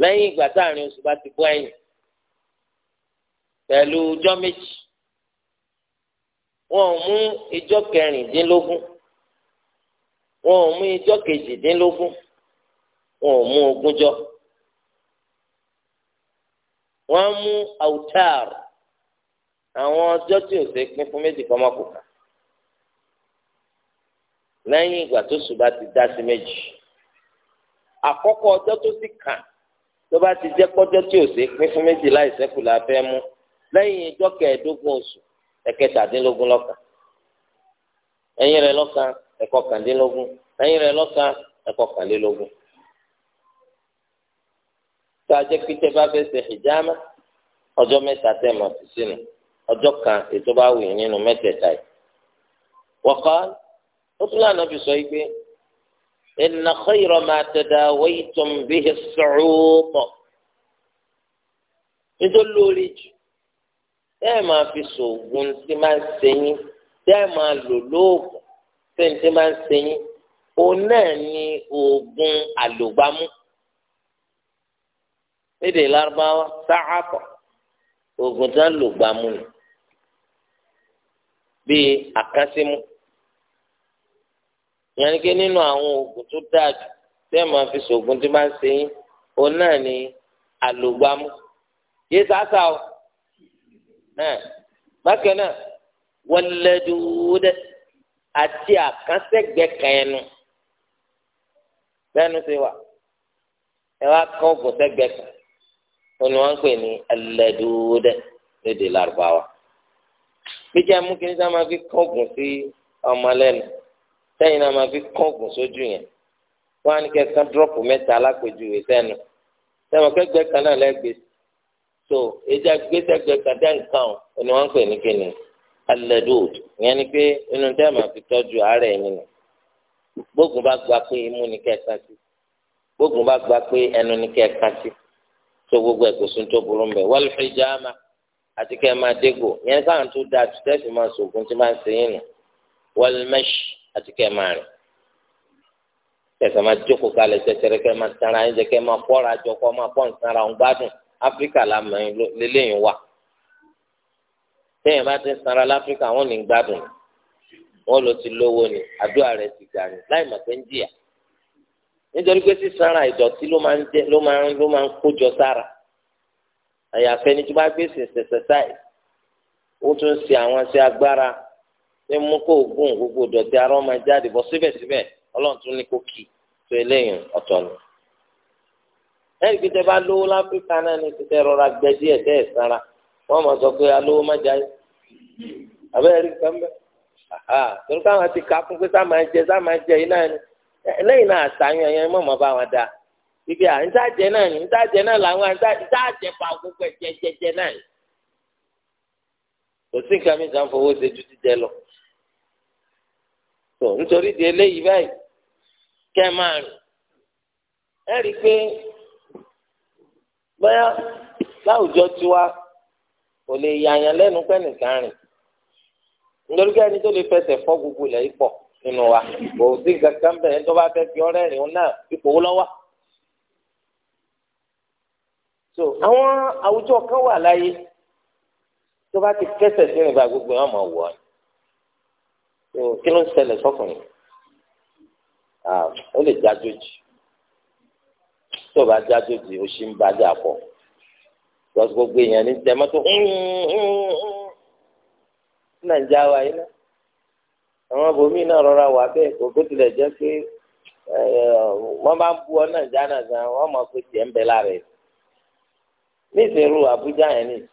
lẹ́yìn ìgbà tá àárín oṣù bá ti bọ́ ẹ̀yìn pẹ̀lú ọjọ́ méjì wọn ò mú ìjọ kẹrìndínlógún wọn ò mú ijọ́ kejìdínlógún wọn ò mú ogúnjọ́ wọn mú autar àwọn ọjọ́ tí ò ṣe pín fún méjì kan mọ́kùnkà lẹ́yìn ìgbà tó ṣùgbà ti dá sí méjì àkọ́kọ́ ọjọ́ tó sì kàn tó bá ti jẹ́ pọ́jọ́ tí ò ṣe pín fún méjì láì ṣẹ́kù la fẹ́ mú lẹ́yìn ijọ́ kẹẹ̀ẹ́dógún oṣù ẹ̀kẹtàdínlógún lọ́kàn ẹ̀yìn rẹ̀ lọ́kàn ẹ̀kọ́ kàndínlógún ẹ̀yìn rẹ̀ lọ́kàn ẹ̀kọ́ kàndínlógún. tó a jẹ́ pé tẹ́ bá fẹ́ ṣe hijama ọjọ́ mẹ́ta tẹ́ mọ̀ sí sínú ọjọ́ kan ètò bá wù yín nínú mẹ́tẹ̀ẹ̀ta yìí. wọ́kọ́ ó tún lànà fi sọ yìí pé inna khayra ma tadawaytum bihi as-su'uq nítorí lórí jù ẹ máa fi sòògùn tí máa ń ṣe tẹ́ ẹ máa lò lóògùn fẹ́ǹtì máa ń ṣe yín òun náà ni oògùn àlògbámú lédè lárúbáwá sáàpọ̀ oògùn tí wọ́n lò gbámú ni bíi àkásímú ìyẹn ni pé nínú àwọn oògùn tó dáa jù tẹ́ ẹ máa fi ṣoògùn tí máa ń ṣe yín òun náà ni àlògbámú yé sáásá o bákan náà wọlẹ́dúd àti àkànṣẹ́gbẹ́ kẹ́ẹ̀nù bẹ́ẹ̀nu ti wà ẹ wá kán ògùn sẹ́gbẹ́ kan òní wọ́n ń pè ní ẹlẹ́dúd lédè lárúbáwá gbígbé mú kí nígbà máa fi kán ògùn sí ọmọ lẹ́nu sẹ́yìn náà máa fi kán ògùn sójú yẹn wọ́n á ní kẹ́kẹ́ dúrọ́pù mẹ́ta alápèjúwe sẹ́nu sẹ́wọ̀n kẹ́gbẹ́ kan náà lẹ́gbẹ̀ẹ́ so èdè àgbẹ̀sẹ̀gbẹ̀ kan dẹ́ nǹkan ò ní pè ní kíni alẹ́dọ̀d ìyẹn ni pé inú tẹ́ máa fi tọ́jú àárẹ̀ yín nù gbógun bá gba pé imú ni kẹ́ ẹ ká sí gbógun bá gba pé ẹnu ni kẹ́ ẹ ká sí tó gbogbo ẹ̀ kò sún tó burú mbẹ̀ wal hijama àti kẹ́ ẹ máa dégò ìyẹn sáà tó da tẹ́sí máa sògùn tí máa ń sè nù wal àti kẹ́ ẹ máa rìn tẹsán máa jókòó kalẹ̀ tẹsẹrẹ kẹ́ máa tara ẹ̀ jẹ́ kẹ́ máa kọ́ra jọ kọ́ máa pọ́ǹsán téèyàn bá ti ń sanra láfíríkà wọn ní gbádùn wọn lọ ti lówó ni àdúrà rẹ ti gbà ní láì mọ̀ ń jìyà nítorí pé sísanra ìdọ̀tí ló máa ń kójọ sára àyàfẹ́ ni tí gbèsè bá gbé ó tún ṣe àwọn ṣe agbára mú kó gbogbo ara ọmọ jáde bọ́ síbẹ̀síbẹ̀ ọlọ́run tún ní kó kì í ọ̀tọ̀ ni. bá lówó wọ́n ma sọ pé alówó má jayé abẹ́rẹ́ rí nǹkan bẹ́ẹ̀ torí káwọn ti kà á pé sá máa jẹ sá máa jẹ yìí ni lẹ́yìn náà àtàyàn yẹn mọ̀mọ́ bá wọn ibi à ń tàjẹ náà ni ń tàjẹ náà làwọn à ń tàjẹ pa gbogbo náà kò sí kò lè yàyàn lẹ́nu pẹ́ nìkan rìn nítorí kí ẹni tó lè fẹsẹ̀ fọ́ gbogbo ilẹ̀ yìí pọ̀ nínú wa kò sí kankan bẹ́ẹ̀ ẹni tó bá fẹ́ fi ọ̀rẹ́ rìn náà ipò wó lọ́wọ́. so àwọn àwùjọ kan wà láyé tó bá ti kẹsẹ̀ sí ìrìnbà gbogbo yẹn ọmọ wọ̀ ọ́ so kí ló ń ṣẹlẹ̀ sọ́kùnrin ah, ó lè jájòjì tó bá jájòjì ó sì ń bá jà pọ̀ lọ́sọ̀ gbogbo èèyàn ní tẹ́ mọ́tò nàìjíríà wa yìí náà àwọn abòmí náà rọra wà bẹ́ẹ̀ kò bó tilẹ̀ jẹ́ pé wọ́n bá ń bu ọ nàìjíríà náà gan wọ́n mọ̀ pé tiẹ̀ ń bẹ lára ẹ̀ nísìnyí ru yẹn nìyí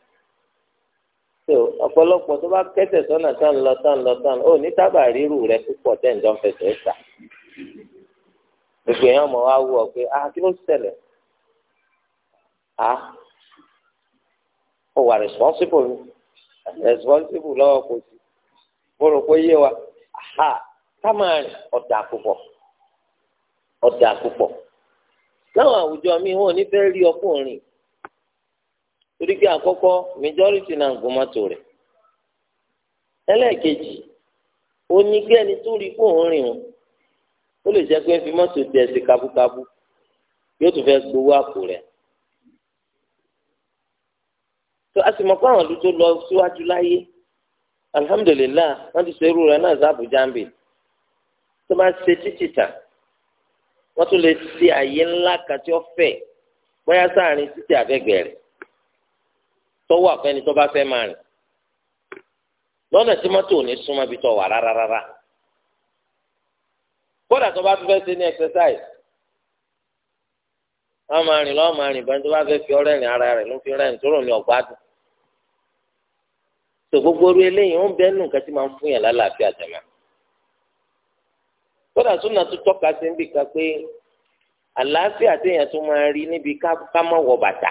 so ọ̀pọ̀lọpọ̀ tó bá kẹ́sẹ̀ sọ́nà tán lọ tán lọ tán ó ní tábà ríru rẹ púpọ̀ tẹ́ǹdọ́ ń fẹsẹ̀ sà gbogbo èèyàn mọ̀ wá wú ọ pé ah kí ló ṣẹlẹ̀ ah ó wà responsible responsible lọ́wọ́ kò sí mo rò pé yé wa ha támàrin ọ̀dà púpọ̀ ọ̀dà púpọ̀ láwọn àwùjọ mi wọn ò ní fẹ́ rí ọkùnrin torí pé majority na ń rẹ mọ́tò rẹ̀ tó rí kóun rìn ó lè jẹ́ pé a sì mọ̀ pé àwọn ìlú tó lọ síwájú láyé alhamdulilayi wọ́n ti sọ irú rẹ̀ náà sí Àbújá ń bì tó bá ṣe títì tà wọ́n tún lè ṣe àyè ńlá kan tí ó fẹ̀ bóyá sáàrin títì àbẹ́gbẹ̀ rẹ̀ tọ́wọ́ àfẹ́ni tó bá fẹ́ máa rìn lọ́nà tí mọ́tò ò ní súnmọ́ ibi tó wà rárá rárá kódà tó bá tún fẹ́ ṣe ní exercise wọ́n máa rìn lọ́wọ́ máa rìn bẹ́ẹ̀ tó bá fẹ́ fi ọ̀rẹ́ rìn ara rẹ̀ ló fi rẹ́rìn tó rò ní ọ̀gbádùn tó gbogbo orí eléyìí ó ń nù nǹkan tí máa ń fún yàn lálàáfíà jàmá kódà súnà tó tọ́ka sí níbi kan pé àlàáfíà téèyàn tó máa rí níbi ká má wọ bàtà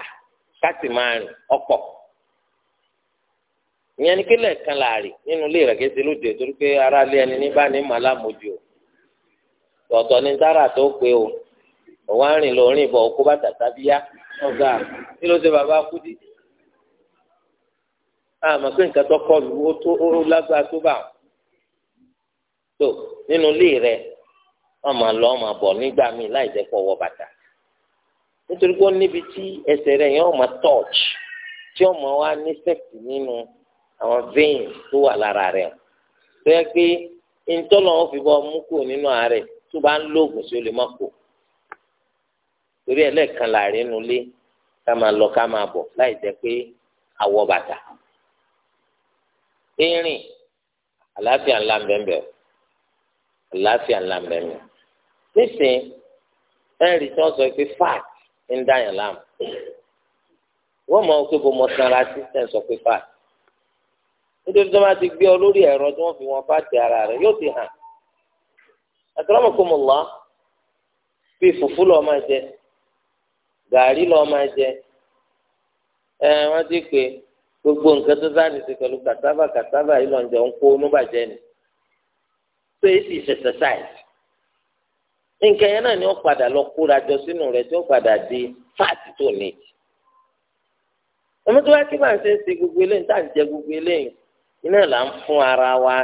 ká sì máa rìn ọ̀pọ̀ ìyẹn ni kí láàrin nínú ilé ìrẹ̀kẹ́sẹ̀ ara lé ẹni ní ni dára tó pé o òun á rìn lọ rìn bọ̀ kó bàtà bàbá kú àmọ́ pé nǹkan tó kọlù ó tó ó lágbára tó bá tó nínú ilé rẹ wọn máa lọ wọn máa bọ̀ nígbà míì láì jẹ́ kó wọ bàtà nítorí pé ó níbi tí ẹsẹ̀ rẹ yẹn wọn máa touch tí wọn máa wá ní sẹ́ẹ̀tì nínú àwọn vein tó wà lára rẹ tó yẹ pé ntọ́lọ̀ wọn fi bọ́ mú kù nínú àárẹ̀ tó bá ń lóògùn sí o má kù torí ẹ̀ lẹ́ẹ̀kan láàrin nulẹ̀ ká máa lọ ká máa bọ̀ láì jẹ́ pé àwọ̀ bàtà. ìrìn àlàáfíà ńlá ńbẹ́ńbẹ́ àlàáfíà ńlá ńbẹ́ńbẹ́ nísìnyí ẹnrì tí wọ́n sọ pé fat ń dáyàn láàmú wọ́n mọ̀ pé bó mọ sanra sí sọ pé fat nítorí tó bá ti gbé ọ lórí ẹ̀rọ tí wọ́n fi wọn fat ara rẹ̀ yóò ti hàn fùfú lọ́ọ́ máa jẹ gàrí lọ́ọ́ ẹ gbogbo nǹkan tó sáà nìṣe pẹ̀lú kàtàbà kàtàbà yìí lọ jọ ń kó onúbàjẹ́ ni tó yìí sì ṣẹṣẹṣáìsì nǹkan yẹn náà ni ó padà lọ kóra jọ sínú rẹ̀ tí ó padà di fáàtì tó ní ìdí ọmọ tó bá kí máa ń ṣe ń ṣe gbogbo eléyìí tá à ń jẹ gbogbo eléyìí iná là ń fún ara wa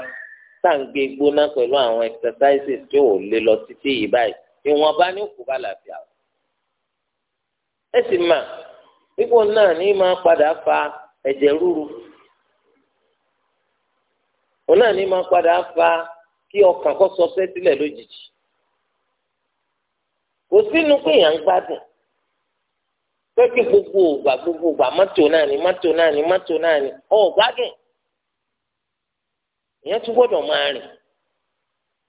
tá à ń gbé gbóná pẹ̀lú àwọn exercises tí ò lè lọ títí yìí báyìí ìwọ̀nba ní òkú bá làbíà ẹ sì mà pípọ̀ náà ní máa padà fa ẹ̀jẹ̀ ríru òun náà ní máa padà fa kí ọkàn kó sọ sẹ́sílẹ̀ lójijì kò sínú pé èèyàn ń gbádùn pé kí gbogbo ògbà gbogbo ògbà mọ́tò náà ni mọ́tò náà ni mọ́tò náà ni ọ̀gbádùn èèyàn tún gbọ́dọ̀ máa rìn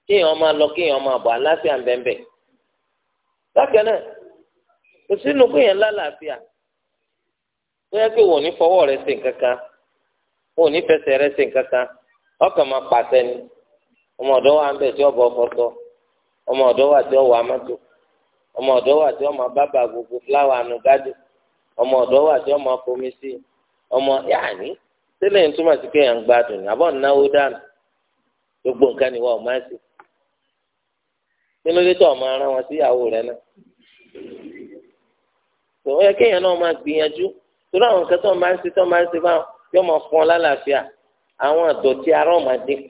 kéèyàn máa lọ kéèyàn máa bọ̀ aláfíà ń bẹ́ẹ̀ bẹ́ẹ̀ bákan náà kò sínú pé èèyàn lálàáfíà. bóyá pé wò ní fọwọ́ rẹ ṣe nǹkan kan wò ní fẹsẹ̀ rẹ ṣe nǹkan kan ọkàn máa pàṣẹ ni ọmọ ọ̀dọ́ wa ń bẹ̀ tí ọbọ ọfọsọ ọmọ ọ̀dọ́ wa tí ọwọ́ amátò ọmọ ọ̀dọ́ wa tí ọmọ bábà gbogbo fúláwà ànú gádù ọmọ ọ̀dọ́ wa tí ọmọ fomi sí ọmọ yáàní sílẹ̀ ń túmọ̀ sí pé gbádùn ní àbọ̀ náwó dànù gbogbo nǹkan ni wọn ò torí àwọn nǹkan tó ń máa ń ṣe tó ń máa ń ṣe báwọn yóò máa fún ọ lálàáfíà àwọn àdọ̀tí ará ọ̀mà dín.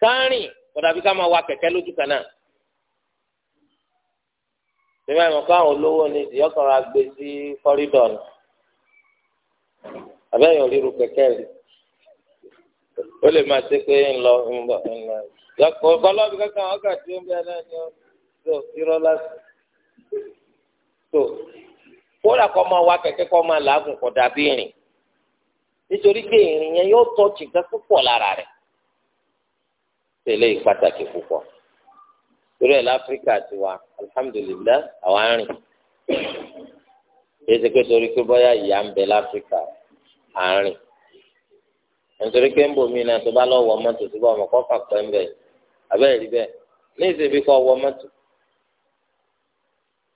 kárìn bí ká máa wa kẹ̀kẹ́ lójú kan náà. ìmọ̀ kó àwọn olówó ni ra gbé sí kọ́rídọ̀ nù. ọ̀gá tí ó ń náà ni so. kóra kọ́ máa wá kẹ̀kẹ́ kọ́ máa làágùn kọ́ dàbí ìrìn nítorí pé yẹn yóò tọ́ púpọ̀ lára rẹ̀ ti alihamudulilayi àwọn arìn pé torí pé bọ́yá ìyá ń bẹ láfíríkà nítorí pé ń náà mọ́tò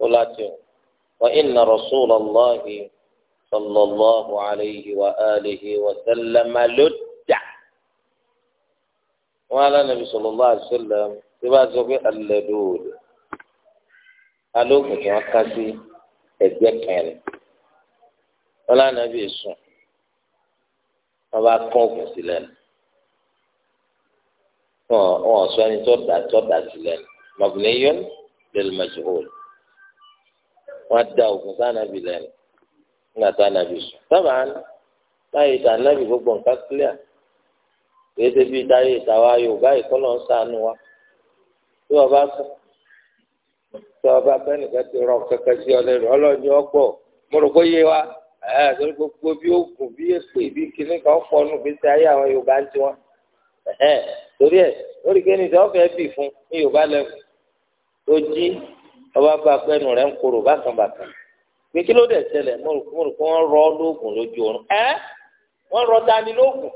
ولاتيو وإن رسول الله صلى الله عليه وآله وسلم لدع وعلى النبي صلى الله عليه وسلم تبا زوجي اللدود ألوك متوكسي الجكال ولا نبي سن وبعد قوم سلال wọn sọ ẹni tó dà tó dà sílẹ̀ mọbìnrin yẹn lè lè mẹsùlùmí. wọ́n da oògùn sànàbì lẹ́nu nígbà sànàbì sùn sábà láyé sànàbì gbogbo nǹkan clear kìí bíi táyé ìtawá yorùbá ìkọlọ ń sànù wa tí wọ́n bá sùn tí wọ́n bá fẹ́ nìkan ti rọ kẹkẹ sí ọ lẹ́nu ọlọ́ọ̀ni ọ̀pọ̀ mo rò pé yé wa ẹ gbogbo bí oògùn bí èpè bí kinní kan pọ̀ nù fi ayé àwọn yorùbá ń tiwọn torí ẹ lórí tí bì fún ní yorùbá lẹ́kùn ọba bá a pẹ́nu rẹ̀ ń korò bákan bákan pé kí ló dẹ̀ ṣẹlẹ̀ mo rò pé wọ́n rọ lóògùn lójú oorun ẹ́ wọ́n rọ dání lóògùn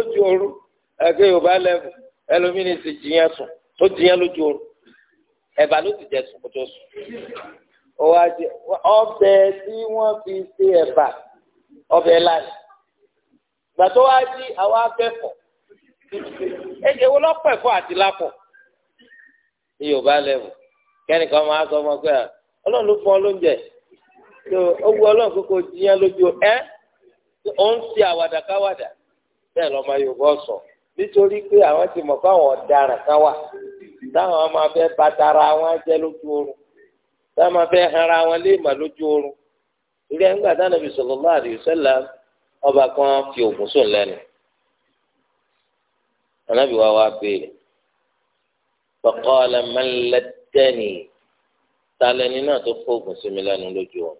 lójú oorun ẹgbẹ́ yorùbá lẹ́mú ẹlòmíní ti jiyàn sùn tó jiyàn lójú oorun ẹ̀bà ló ti jẹ sùn kó tó sùn ọbẹ̀ tí wọ́n fi ṣe ẹ̀bà ọbẹ̀ láti gbà tó wá jí àwọn akẹ́kọ̀ọ́ èdè wo lọ́pọ̀ ẹ̀fọ́ àti lápọ̀ yorùbá lẹ́mú kẹ́nìkan máa sọ ọmọ pé ọlọ́run ló fún ọ lóúnjẹ tó ó wu ọlọ́run kókó jíyán lójú ẹ ó ń ṣe àwàdà bẹ́ẹ̀ lọ́mọ yorùbá sọ nítorí pé àwọn ti mọ̀ fáwọn ọ̀daràn kan wà táwọn máa fẹ́ bàtàrà wọn jẹ́ lójú oorun táwọn máa fẹ́ hanra wọn léèmà lójú oorun ilé ọba kan tẹ́ni talẹ́ni náà tó fóògùn sí mi lẹ́nu lójú ọ̀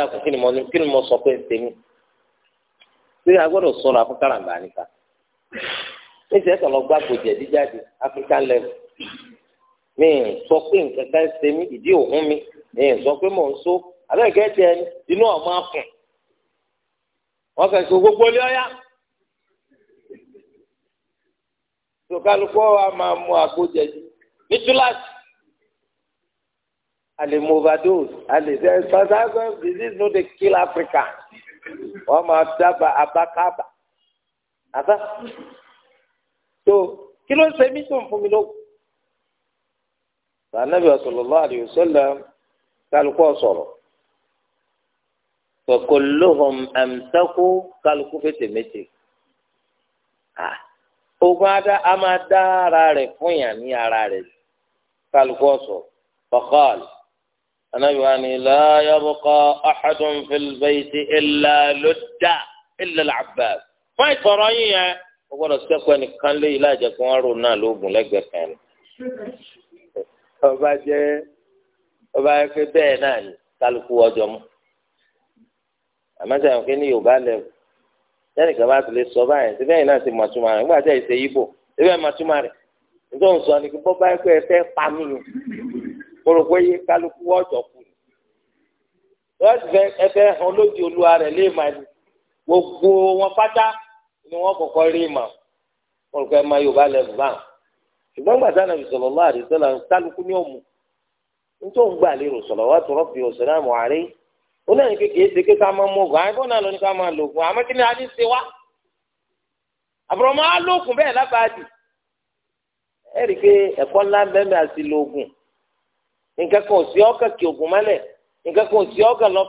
ẹ kí ni mo kí ni sọ pé ń tẹ́mi pé a gbọ́dọ̀ sọ̀rọ̀ fún káràmbà níta níṣẹ́ tó lọ African level mi sọ pé nǹkan ká ṣe mí ìdí mi mi sọ pé mò ń so abẹ́ẹ̀kẹ́ tẹ inú ọ̀ máa wọ́n gbogbo ilé tòkálùkọ́ wa máa mú agbójẹ̀dì ní túláàsì a lè mú overdose a lè ṣe South African disease no dey kill Africa wọ́n máa dábàá abákábà àbá tó kí ló ń ṣe mí tó ń fún mi lóko. sànàbí sallallahu alaihi wasallam kálukú ọ̀sọ̀rọ̀ wa kulluhum amsaku kálukú méjì. Ah ogun adá a máa dá ara rẹ̀ fún yàn ní ara rẹ̀ kálukú ọ̀sọ̀ faqal anabi wa ni la yabqa ahadun fil bayti illa ludda illa al-abbas fún ìtọ̀rọ̀ yín yẹn o gbọ́dọ̀ sẹ́kọ̀ọ́ ẹnìkan lé yìí láàjẹ́ kí wọ́n náà lóògùn lẹ́gbẹ̀ẹ́ kan ọba jẹ́ ọba ẹgbẹ́ bẹ́ẹ̀ náà ni kálukú ọjọ́ mu àmọ́ sẹ́yìn kí ni yorùbá lẹ́wọ̀ sẹ́ni kan bá ti lè sọ báyìí síbẹ̀ yìí náà ti mọ̀ túmọ̀ rẹ̀ nígbà tí ẹ̀ ṣe yíbò síbẹ̀ mọ̀ túmọ̀ rẹ̀ nítorí òun sọ ni kí bọ́bá ẹgbẹ́ ẹ fẹ́ pa mí o mo rò pé kálukú ọ̀jọ̀ kù ni wọ́n ti fẹ́ ẹ fẹ́ hàn lójú olúwa rẹ̀ léèmà ni gbogbo wọn pátá ni wọ́n kọ́kọ́ rí ìmọ̀ mo rò pé ẹ máa yorùbá lẹ́nu bá ṣùgbọ́n gbàtà nàbì sallallahu alaihi wasallam kálukú ni ó mú nítorí òun gbà lérò salawatu rabbi wa salamu alaihi onáà ní kékeré ṣe ké ká máa mú oògùn àìbọ̀ náà lọ ní ká máa lo oògùn àmọ́ kí ni adé ṣe wá àbúrò máa lo oògùn bẹ́ẹ̀ lábàádì ẹ rí i pé ẹ̀kọ́ ńlá bẹ́ẹ̀ àti lo nǹkan kan ò sí ọ́ kàkì oògùn mọ́lẹ̀ nǹkan kan ò sí ọ́ kàn lọ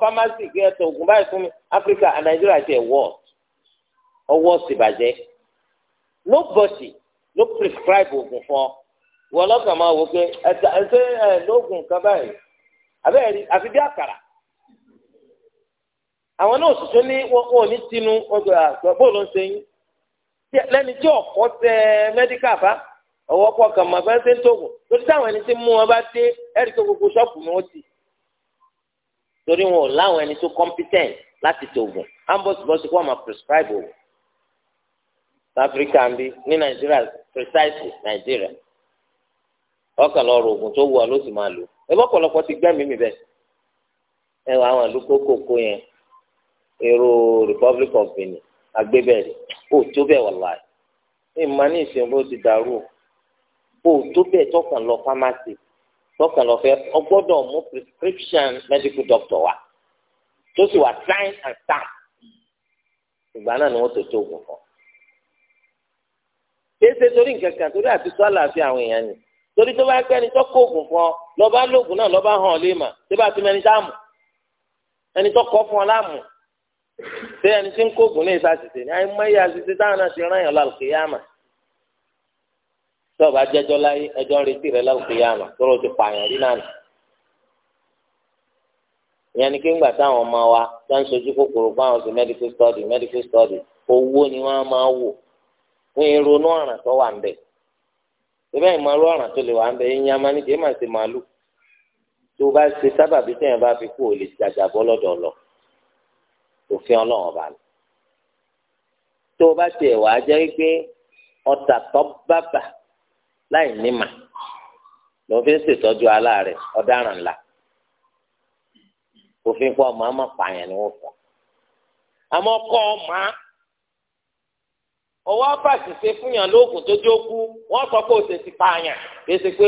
nobody no prescribe ogun fún ọ wọ́n lọ́kàn máa wò pé ẹ̀ ṣe ẹ̀ kan báyìí àwọn náà òṣìṣẹ́ ní wọn ò ní tinú ọgbà àgbà bóòlù ń ṣe yín lẹ́ni tí ọ̀pọ̀ tẹ mẹ́díkà bá ọwọ́ pọ̀ kàn máa fẹ́ ṣe ń tòwò lórí táwọn ẹni tí mú wọn bá dé ẹ̀rí tó gbogbo ṣọ́ọ̀pù ni wọ́n ti torí wọn ò láwọn ẹni tó competent láti tòògùn ambosibosi kó máa prescribe òògùn Africa, ń bí ní nàìjíríà precisely nàìjíríà ọkàn lọ rò òògùn tó wù ọ ló sì máa lò ẹ bọ́ pọ̀lọpọ̀ ti gbẹ́mìí mi bẹ́ẹ̀ ẹ wọ àwọn ìlú kókòkò yẹn Ero Republic of Benin agbébẹ̀rẹ̀ ó tó bẹ̀ wàlá ẹ̀ ìmọ̀ ní ìsìnkú ti dàrú ó tó tọkàn lọ pharmacy tọkàn lọ fẹ́ ọgbọ́dọ̀ mú prescription medical doctor wa tó sì wà sign and stamp ìgbà náà ni wọ́n tó tó oògùn kan kéésì torí nǹkan kan torí àti sọ àlàáfíà àwọn èèyàn ni torí tó bá pẹ́ ni tó kó fún ọ lọ́ba lóògùn náà lọ́ba hàn ti fún ọ ṣé ẹni tí ń kóògùn ní ìta ní ìyá táwọn náà ti rán yàn lálùkìyàmà tí ọba jẹjọ láyé ẹjọ́ ń retí rẹ lálùkìyàmà tọrọ ti pààyàn rí náà ìyẹn ni kí ngbà táwọn ọmọ wa tó ń sojú kòkòrò fún àwọn sí owó ni máa wò fún ìrònú ọ̀ràn tó wà ń bẹ ọ̀ràn tó lè wà ń bẹ ìyẹn a máa ní máa bá ṣe òfin ọlọ́run ọba ni tó o bá tiẹ̀ wá jẹ́ pé ọ̀tà tó bàbà láì nímà ló fi ń ṣètọ́jú aláàárẹ̀ ọ̀daràn ńlá òfin pọ̀ ọmọ àmọ́ pààyàn ni wọ́n fọ́ àmọ́ kọ́ ọmọ ọwọ́ fàṣìṣe fún yàn lóògùn tó jókú wọ́n sọ pé òṣè ti pààyàn kì í ṣe pé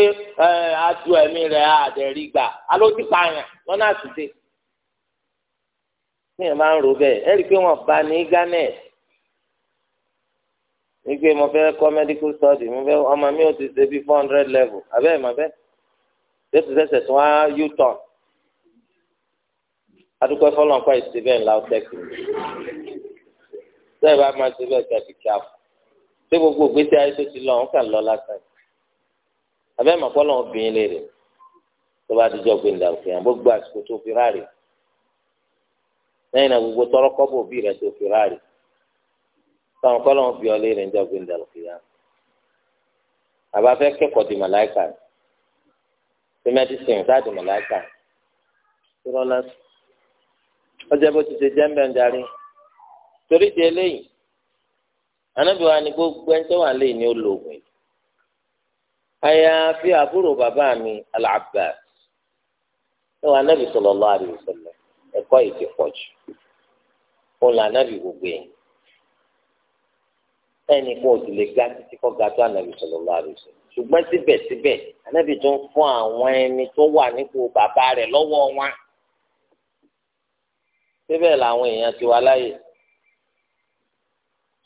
adu ẹ̀mí rẹ̀ àdẹ̀rígbà aló ti pààyàn lọ́nà àṣìṣe. tíyẹn máa ń rò bẹ́ẹ̀ ẹ rí i pé wọ́n bá ní gánẹ̀ wípé mo fẹ́ kọ́ medical study mo fẹ́ ọmọ mi ò ti ṣe bí four hundred level abẹ́ ẹ̀ mọ̀ bẹ́ẹ̀ yóò ti ṣẹ̀ṣẹ̀ tún á u-turn adúgbò fọlọ́npá ìṣe bẹ́ẹ̀ ńlá ọ̀tẹ́kì sẹ́ẹ̀ bá máa ṣe bẹ́ẹ̀ kẹ́kì kí a fò ṣé gbogbo ìgbésí ayé tó ti lọ òun kàn lọ lásán abẹ́ ẹ̀ mọ̀ obìnrin lè rè tó bá dijọ́ gbé ńlá òkè yẹn gbogbo àsìkò tó fi ráàlì lẹ́yìn náà gbogbo tọrọ kọ́bù òbí rẹ̀ tó fi ráàlì táwọn kọ́lọ́ fi ọ léèrè níjọ́ gbé ńdàlù kìíyà àbá kẹ́kọ̀ọ́ di màláìkà ṣe mẹ́dísìn sáàdì màláìkà ṣúrọ́ ọjọ́ bó ti ṣe jẹ́ńbẹ̀ ń darí torí di eléyìí anábì wa ni gbogbo ẹni tó wà léyìí ni ó lo ògùn yìí fi àbúrò bàbá mi ẹ wà anábì ẹ̀kọ́ yìí ti pọ̀ jù ó là nábì gbogbo yẹn ẹnì kan ò sì lè ga títí kọ́ ga tó ànábì sọ̀rọ̀ láàrin sọ ṣùgbọ́n síbẹ̀síbẹ̀ ànábì tó ń fún àwọn ẹni tó wà nípò bàbá rẹ̀ lọ́wọ́ wọn síbẹ̀ làwọn èèyàn ti wá láyè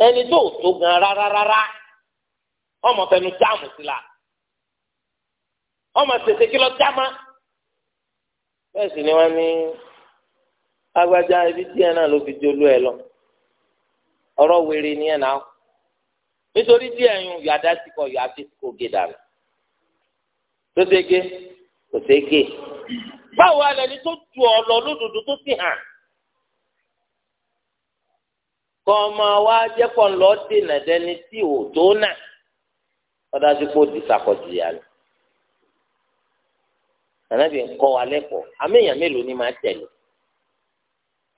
ẹni tó tó gan rárá rárá ọmọ fẹnu jáàmù sí la ọmọ tètè kí lọ jáàmá bẹ́ẹ̀ sì ni wọ́n ní agbadza ibi tí ẹ náà ló fi jolú ẹ lọ ọ̀rọ̀ wèrè ni ẹ náà nítorí tí ẹyún yàda sí kọ yà fi kò gé dànù tó ṣe gé kò ṣe gé báwo alẹ́ ni tó tu ọ lọ lódodo tó ti hàn kọ́ ọmọ wa jẹ́ kọ́ lọ dènà dẹni tí ò tó nà ọ̀dájú kó di sàkọ́jìyà ni ànábì ń wa lẹ́kọ̀ọ́ àmì èèyàn mélòó ni máa tẹ̀lé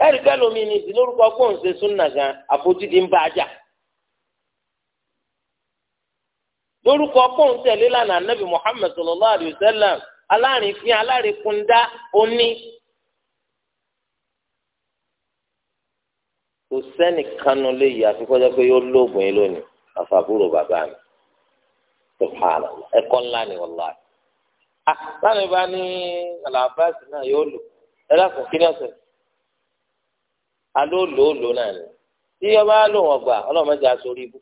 ẹ̀rí pẹ́ lómi ni sí lórúkọ pọ́ùn ṣe súnà gan àfojúdi ń bá a jà lórúkọ pọ́ùn tẹ̀lé lánàá nàbì Muhammad sallallahu alayhi wa sallam alárìnfín alárìnkúndá oní. kò sẹ́ni kanu lè yí àfi kọjá pé yóò lóògùn yín lónìí àfàbúrò bàbá mi subhana ẹ̀kọ́ ńlá ni bá alólòólò náà ni tí ọba lò wọn gbà ọlọ́mọdé asorí ibú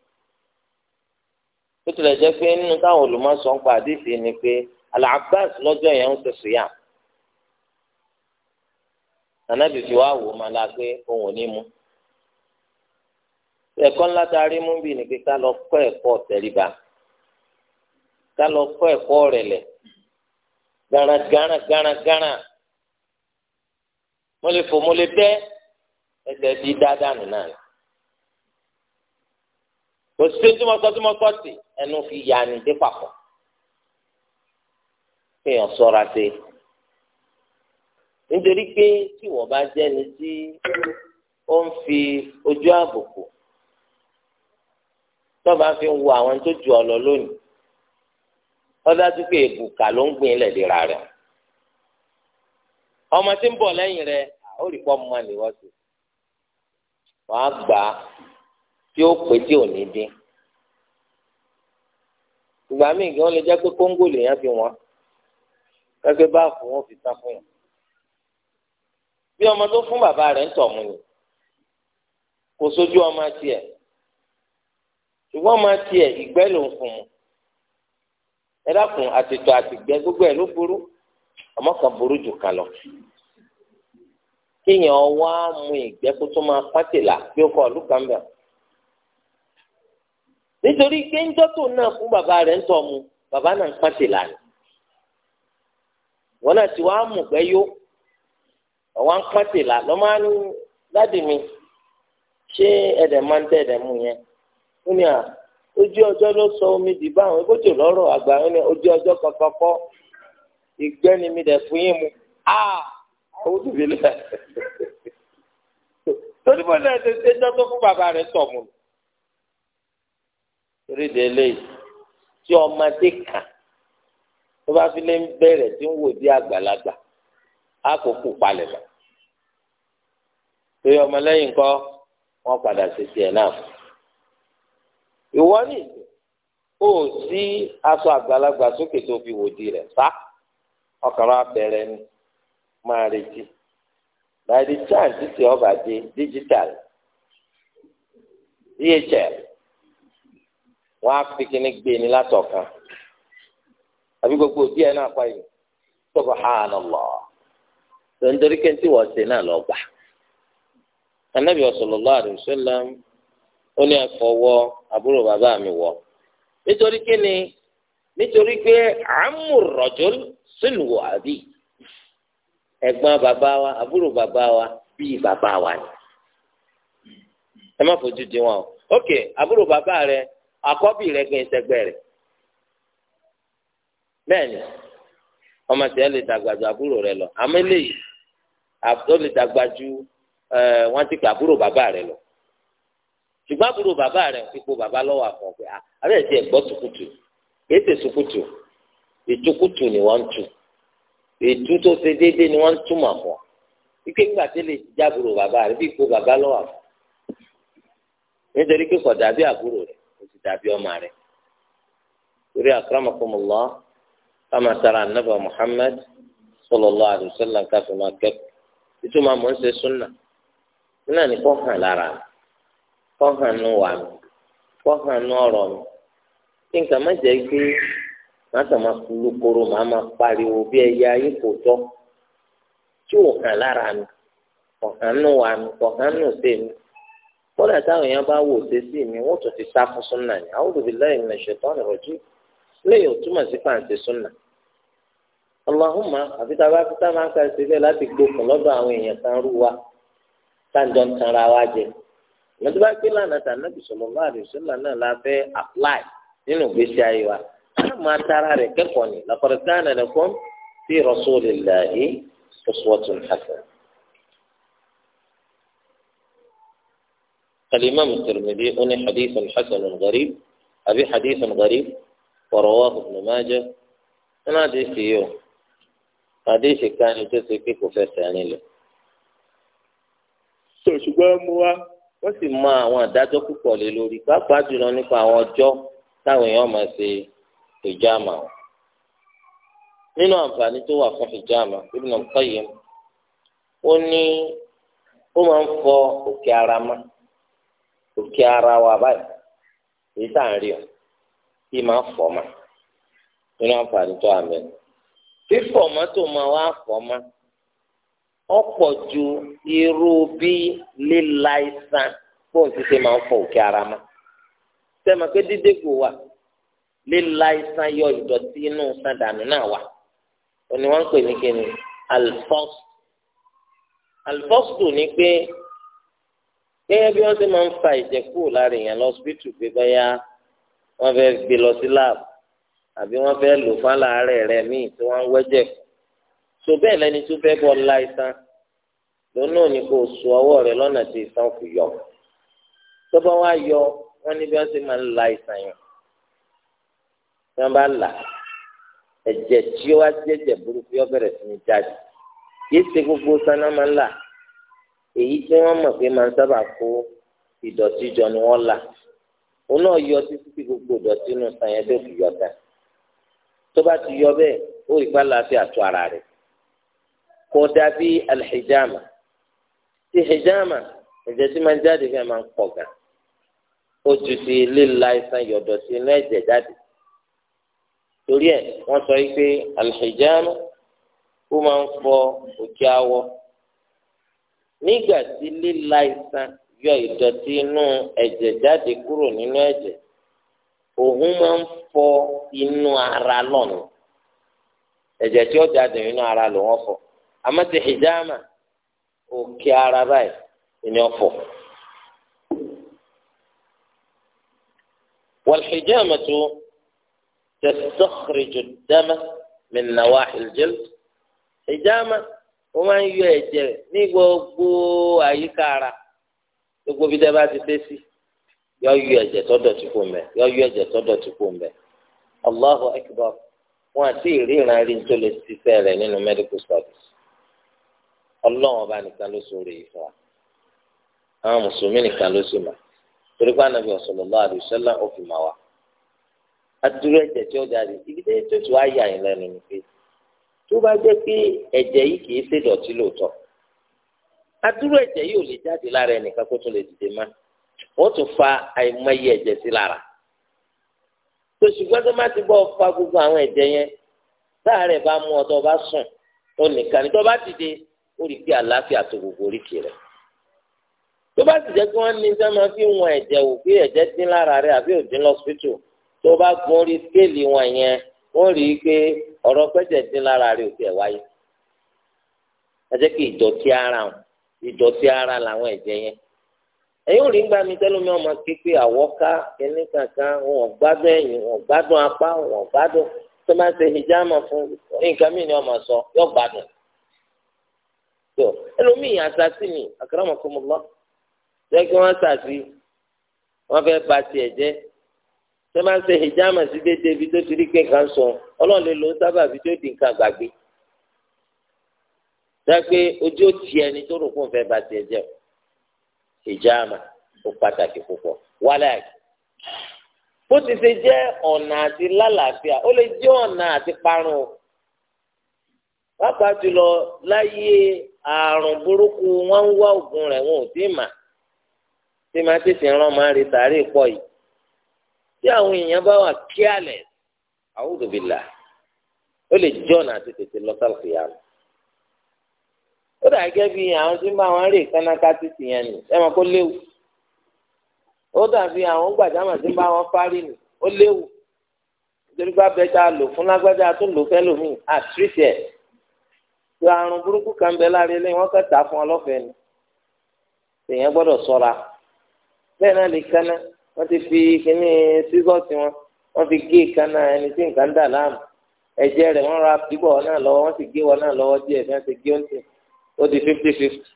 ó tilẹ̀ jẹ́ pé nínú táwọn olùmọ̀sọ̀ ń pa àdìsí ni pé Al-Abbas lọ́jọ́ yẹn ń sẹ̀sọ̀ yà nànàbì fi wá wò máa la pé òun ò ní mu ẹ̀kọ́ ńlá tá rí mú bí ni pé ká lọ kọ́ ẹ̀kọ́ tẹ̀ríba ká lọ kọ́ ẹ̀kọ́ rẹ̀ garagara garagara mo lè fò mo lè bẹ́ẹ̀ ẹsẹ̀ di dáadáa nù náà kò sí tí mo sọ tí mo sọ sí ẹnu fi ya ni dé papọ̀ kéèyàn ṣọ́ra sí nítorí pé tí wọ́n bá jẹ́ ni tí ó ń fi ojú àbùkù tó bá fi ń wo àwọn tó ju ọ lọ lónìí ọdájú pé èbùkà ló ń gbìn ilẹ̀ ìlera rẹ̀ ọmọ tí ń bọ̀ lẹ́yìn rẹ̀ ó rí pọ́ mọ́ ni wọ́n ti wàá gbà á tí ó pé tí ò ní dín ìgbà míì gan lè jẹ́ pé kóńgò lèèyàn fi wọ́n gẹ́gẹ́ bá fún wọn fi tán fún yàn bí ọmọ tó fún bàbá rẹ̀ ń tọ̀ mu ni kò sójú ọmọ tiẹ̀ ṣùgbọ́n ọmọ tiẹ̀ ìgbẹ́ ló ń fún mu ẹ dákun àtìtọ̀ àtìgbẹ́ gbogbo ẹ̀ ló burú ọmọ kan burú jù kan kéèyàn wá mú ìgbẹ́ kó tó máa pátìlà bí ó kọ ọ̀lú kan bẹ̀. nítorí pé náà fún bàbá rẹ̀ ń tọ́ mu bàbá náà ń pátìlà ni. wọn náà wá mú ìgbẹ́ yó ọ̀wá ń pátìlà lọ́ máa ojú ọjọ́ ló sọ omi dì bá àwọn ojú ọjọ́ owó tó fi lẹ̀ torí bó náà ṣe ṣe jọ́ tó fún bàbá rẹ̀ sọ̀mù torí de eléyìí tí ọmọdé kàn tó bá fi lé ń bẹ̀rẹ̀ tí ń wò di àgbàlagbà á kò kú palẹ̀ lọ torí ọmọlẹ́yìn kọ́ wọ́n padà ṣe tiẹ̀ náà ìwọ ni o sí aṣọ àgbàlagbà sókè tó fi wò di rẹ̀ sá ọkàn rà bẹ̀rẹ̀ ni. máa retí by the time títí ọba dé digital dhl wọn á fi kíní gbé ní látọ̀kan àbí gbogbo òbí ẹ náà pààyè subhanallah tó ń dorí kéntì wọ́n ṣe náà lọ gbà anabi sallallahu alaihi wasallam ó ní ẹ̀fọ́ wọ àbúrò bàbá mi wọ nítorí kíni nítorí pé ẹ̀gbọ́n bàbá wa àbúrò bàbá wa bíi bàbá wa ni ẹ má fojú di wọn o ok àbúrò bàbá rẹ àkọ́bí rẹ gbé sẹgbẹ́ rẹ bẹ́ẹ̀ni ọmọ tí ẹ lè dàgbà ju àbúrò rẹ lọ àmọ́ eléyìí ó lè dàgbà ju wọn ti kà àbúrò bàbá rẹ lọ ṣùgbọ́n àbúrò bàbá rẹ ipò bàbá lọ́wọ́ àfọ̀n pé abẹ́rẹ́ ti gbọ́ tukutu kìí ṣe tukutu ìtukutu ni wọ́n ń tu. ètú tó ṣe déédéé ni wọ́n ń túmọ̀ fún ọ ike ńgbà tí lè jábúrò bàbá rẹ bí ipò bàbá lọ́wọ́ àfọ nítorí pé dàbí àbúrò rẹ kò sì dàbí ọmọ rẹ torí akramakumullah kama sara muhammad sallallahu alaihi káfí máa kẹ́kọ̀ọ́ ìtumọ̀ àmọ́ ń ṣe súnà súnà ní hàn lára mi kò hàn nù wà mí màá sọ ma kúlú koro ma pariwo bí ẹyẹ ayé kò tọ́ tí hàn lára mi ọ̀hán nù wà ọ̀hán nù sí mi kódà táwọn èèyàn bá wò ṣe sí mi wọ́n tún ti sá fún súnà ni àwọn olùdílẹ́yìn ní ṣètò ọ̀nà rọ̀jú lẹ́yìn ò túmọ̀ sí pàǹtí súnà. Allahumma àfi tá a bá fi tá ka bẹ́ẹ̀ láti gbókun máa tara rẹ̀ kẹ́kọ̀ọ́ ni laqad kana lakum fi rasulillahi uswatun hasanah. الإمام الترمذي أن حديث حسن غريب أبي حديث غريب ورواه ابن ماجه أنا حديث يوم حديث كان يتسكي كفاسة عن الله ṣùgbọ́n mu wa wọ́n sì mọ àwọn àdájọ́ púpọ̀ lé lórí pàápàá jùlọ nípa àwọn ọjọ́ táwọn èèyàn máa ṣe hijama o nínú àǹfààní tó wà fún ó ní ó máa ń fọ ara òkè ara wa báyìí èyí tá à o ma nínú àǹfààní tó ma ju irú bí líla bóun ti ṣe máa ń líla iṣan yọ ìdọ̀tí inú iṣan dànù náà wà òní wọ́n ń pè ní kíni alfọ́sù alfọ́sù ni pé gẹ́gẹ́ bí wọ́n ṣe máa ń fa ìjẹ́ kúrò lára èèyàn lọ́sibítù pé báyà wọ́n fẹ́ gbé lọ sí láàbù àbí wọ́n fẹ́ lò fún aláàárẹ̀ rẹ̀ míì tí wọ́n ń wẹ́jẹ̀ so bẹ́ẹ̀ lẹni tó fẹ́ bọ́ la iṣan lòun náà ni kò so ọwọ́ rẹ̀ lọ́nà tí iṣan kò yọ tó bá wá yọ wọ́n ní bí wọ́n ṣe máa ń la iṣan yẹn tí wọ́n bá là ẹ̀jẹ̀ tí ó wá jẹ́jẹ̀ burúkú yọ bẹ̀rẹ̀ sí ní jáde yìí ṣe gbogbo sáná máa ń là èyí tí wọ́n mọ̀ pé máa ń sábà kó ìdọ̀tí jọ ni wọ́n là òun náà yọ títí tí gbogbo ìdọ̀tí inú san yẹn tó fi yọ ta tó bá ti yọ bẹ́ẹ̀ ó rí pálásì àtọ ara rẹ̀ kò dàbí alhijama ti hijama ẹ̀jẹ̀ tí máa ń jáde fẹ́ máa ń pọ̀ gan ó ju ti líla iṣan yọ̀dọ̀tí inú ẹ̀jẹ̀ jáde torí ẹ wọn sọ yìí pé alhijab ó máa ń fọ ojú awọ nígbà tí líla iṣan yọ ìdọ̀tí inú ẹ̀jẹ̀ jáde kúrò nínú ẹ̀jẹ̀ òun máa ń fọ inú ara lọ́nà ẹ̀jẹ̀ tí ó jáde nínú ara ló wọ́n fọ àmọ́ ti hijama òkè ara báyìí ni fọ. تستخرج الدم من نواحي الجلد ìjàmà ó máa ń yọ ẹ̀jẹ̀ ní gbogbo àyíká ara gbogbo bí dábàá ti dé sí yọ yọ ẹ̀jẹ̀ tọ́dọ̀ tí kò mẹ́ yọ yọ ẹ̀jẹ̀ tọ́dọ̀ tí kò mẹ́ Allahu akbar wọn àti ìríran rí tó lè ṣiṣẹ́ rẹ̀ nínú medical service ọlọ́run ọba nìkan ló sọ rèé fún wa àwọn mùsùlùmí nìkan ló sì mà torí pé ànábì sallallahu alaihi wasallam ó fi mà wá adúrú ẹ̀jẹ̀ tí ó jáde ibi tí tó ti wá yà yín lẹ́nu ni pé tó bá jẹ́ pé ẹ̀jẹ̀ yìí kì í ṣe dọ̀tí lóòótọ́ adúrú ẹ̀jẹ̀ yìí ò lè jáde lára ẹnìkan kó tún lè dìde má wọ́n tún fa àìmọye ẹ̀jẹ̀ sí lára tó ṣùgbọ́n tó má ti bọ́ fa gbogbo àwọn ẹ̀jẹ̀ yẹn láàárẹ̀ bá mú ọtọ́ bá sùn ó nìkan ní tó bá dìde ó rí pé àlàáfíà tó gbogbo oríkì rẹ̀ tó bá sì jẹ́ pé wọ́n ní sẹ́wọ́n fi wọn ẹ̀jẹ̀ wò pé ẹ̀jẹ̀ dín lára rẹ̀ àbí òdin lọ́sítù tó bá gun orí skéèlì wọn yẹn wọn rí i pé ọ̀rọ̀ pẹ́jẹ̀dín lára rẹ̀ ò wáyé ẹ kí ara hàn ara làwọn ẹ̀jẹ̀ yẹn ẹ̀yin ò rí ń gbà mí tẹ́lómi ọmọ kankan wọn gbádùn wọn gbádùn apá wọn gbádùn tó ṣe hijama fún nǹkan mí ni ọmọ sọ yóò gbádùn tó ẹlòmíì kí pa tẹ máa ń ṣe hijama sí déédéé ibi tó ti rí pé nǹkan sọ ọlọ́run lè lo sábà ibi tó di nǹkan gbàgbé dápé ojú ò tì ẹni tó rò fún fẹ́ bá tiẹ̀ jẹ́ hijama ó pàtàkì púpọ̀ wálẹ̀ bó ti ṣe jẹ́ ọ̀nà àti lálàáfíà ó lè jẹ́ ọ̀nà àti parun o pàápàá jùlọ láyé àrùn burúkú wọn ń wá oògùn rẹ̀ wọn ò tí ì mà tí màá tètè rán máa rí tàrí yìí tí àwọn èèyàn bá wà kíálẹ̀ a'udhu billah ó lè jọ́nà àti tètè lọ sálùkù yá lọ. ó dà gẹ́gẹ́ bí àwọn tí máa wọn rè kánáká títì yẹn nì ẹ mọ̀ kó léwu ó dàbí àwọn gbàdámọ̀ tí bá wọn fárí nì ó léwu nítorí bá bẹ tá a lò fún lágbájá tó lò fẹ́ lòmíì àtúrísì ẹ̀ tó àrùn burúkú kan bẹ láre lẹ́yìn wọ́n kẹta fún ọlọ́fẹ́ ni èèyàn gbọ́dọ̀ ṣọ́ra bẹ́ẹ̀ náà lè kánáà wọ́n ti fi kíní sísọ́ọ̀sì wọn wọ́n fi gé ìkànnà ẹni tí nǹkan dà láàmú ẹ̀jẹ̀ rẹ̀ wọ́n ra bíbọ̀ wọn náà lọ́wọ́ wọ́n sì gé wọn náà lọ́wọ́ díẹ̀ bí wọ́n ti gé oúnjẹ ó di fifty fifty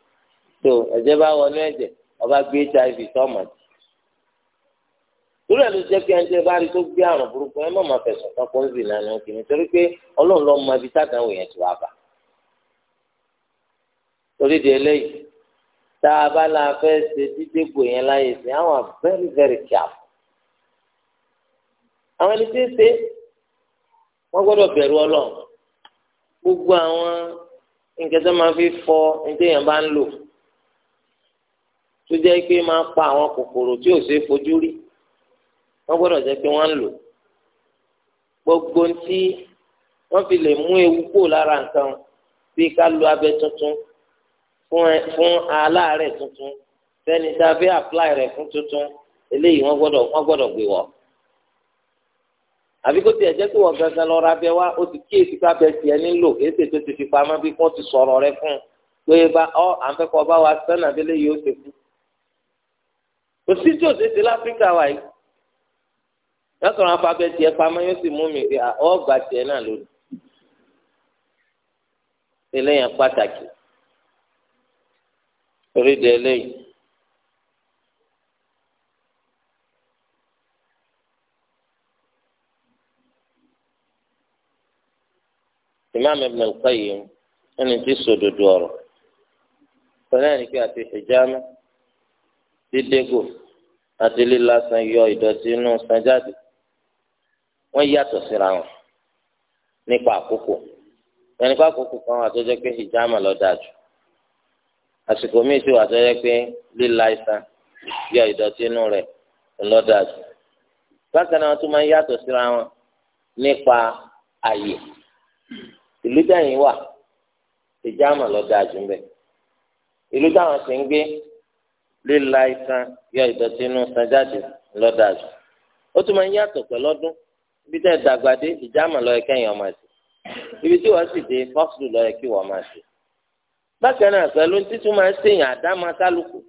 tó ẹ̀jẹ̀ bá wọnú ẹ̀jẹ̀ ọba gbé hiv sọ́ọ̀mọ̀ jù torí ẹ̀ ló jẹ́ kí ẹnjẹ́ bá rí tó gbé àrùn burúkú ẹ má máa fẹ̀sùn kan kó ń zì lánàá òkè nítorí pé ọlọ́run lọ́ọ́ mọ ibi táàdánwò tá a bá la fẹ́ ṣe dídégbò yẹn láyè sí àwọn very very careful àwọn ẹni tí ń ṣe wọ́n gbọ́dọ̀ bẹ̀rù Ọlọ́run gbogbo àwọn nǹkan tó máa fi fọ ní téèyàn bá ń lò tó jẹ́ pé máa pa àwọn kòkòrò tí ò ṣe é fojú rí wọ́n gbọ́dọ̀ jẹ́ pé wọ́n ń lò gbogbo ntí wọ́n fi lè mú ewu kúrò lára nǹkan bí ká lo abẹ tuntun fún aláàárẹ̀ tuntun sẹ́ni tá a fẹ́ apply rẹ̀ fún tuntun eléyìí wọ́n gbọ́dọ̀ wọ́n gbọ́dọ̀ gbé wọ̀ àbí kó tiẹ̀ jẹ́ pé wọ́n gangan lọ ra bẹ wá ó ti kí èsì ká bẹ tiẹ̀ nílò èsì tó ti fi pamọ́ bí wọ́n ti sọ̀rọ̀ rẹ fún un pé bá ọ à ń fẹ́ kọ́ bá wa sẹ́nà abẹ́lé yìí ó ti kú kò sí tí òṣèṣe sí láfíríkà wa yìí lọ́sọ̀rọ̀ afábẹ́ tiẹ̀ pamọ́ yóò sì mú mi rí ọ gbà tiẹ̀ náà lónìí eléyàn pàtàkì torí di eléyìí. imam ibn al-qayyim ẹni tí sòdodo ọ̀rọ̀ fẹlẹ ní kí àti hijama dídégò àti lílásán yọ ìdọ̀tí inú san wọn yàtọ̀ síra wọn nípa àkókò ẹni àkókò kan wà tó jẹ́ pé hijama àsìkò míì sì wà tó yẹ pé líla iṣan yọ ìdọ̀tí inú rẹ̀ ńlọ́dàdì bákan náà tún máa ń yàtọ̀ síra wọn nípa àyè ìlú dẹ́yìn wà ìjàmà lọ́dàdì ń bẹ ìlú táwọn sì ń gbé líla iṣan yọ ìdọ̀tí inú san jáde ńlọ́dàdì ó tún máa ń yàtọ̀ pẹ̀lú ọdún ibi tẹ́ dàgbà dé ìjàmà lọ́yẹ ọmọ àti ibi tí wọ́n sì dé fọ́ọ̀sì lọ́yẹ bákan náà pẹ̀lú títún máa ń ṣèyàn àdámà kálukú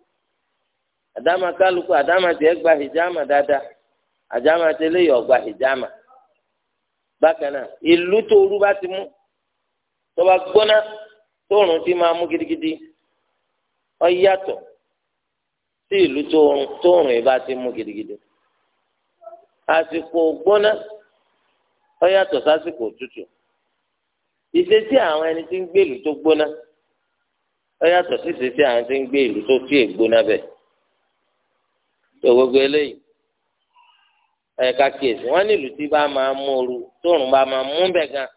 àdámà kálukú àdámà tiẹ̀ gba hijama dáadáa àdámà tẹ́lẹ̀ yọ̀ gba hijama bákan náà ìlú tó orú bá ti mú tó bá gbóná tóòrùn ti máa mú gidigidi ó yàtọ̀ sí ìlú tóòrùn ìbá ti mú gidigidi àsìkò gbóná ọ yàtọ̀ sásìkò tútù ìṣesí àwọn ẹni tí ń gbèlú tó gbóná. ó yàtọ̀ sí ìṣesí àwọn tí ń gbé ìlú tó tí ègbóná bẹ̀ tó gbogbo eléyìí ẹ̀ ká kíyèsí wọ́n ní ìlú tí bá máa mú ooru tóòrùn bá máa mú bẹ̀ gan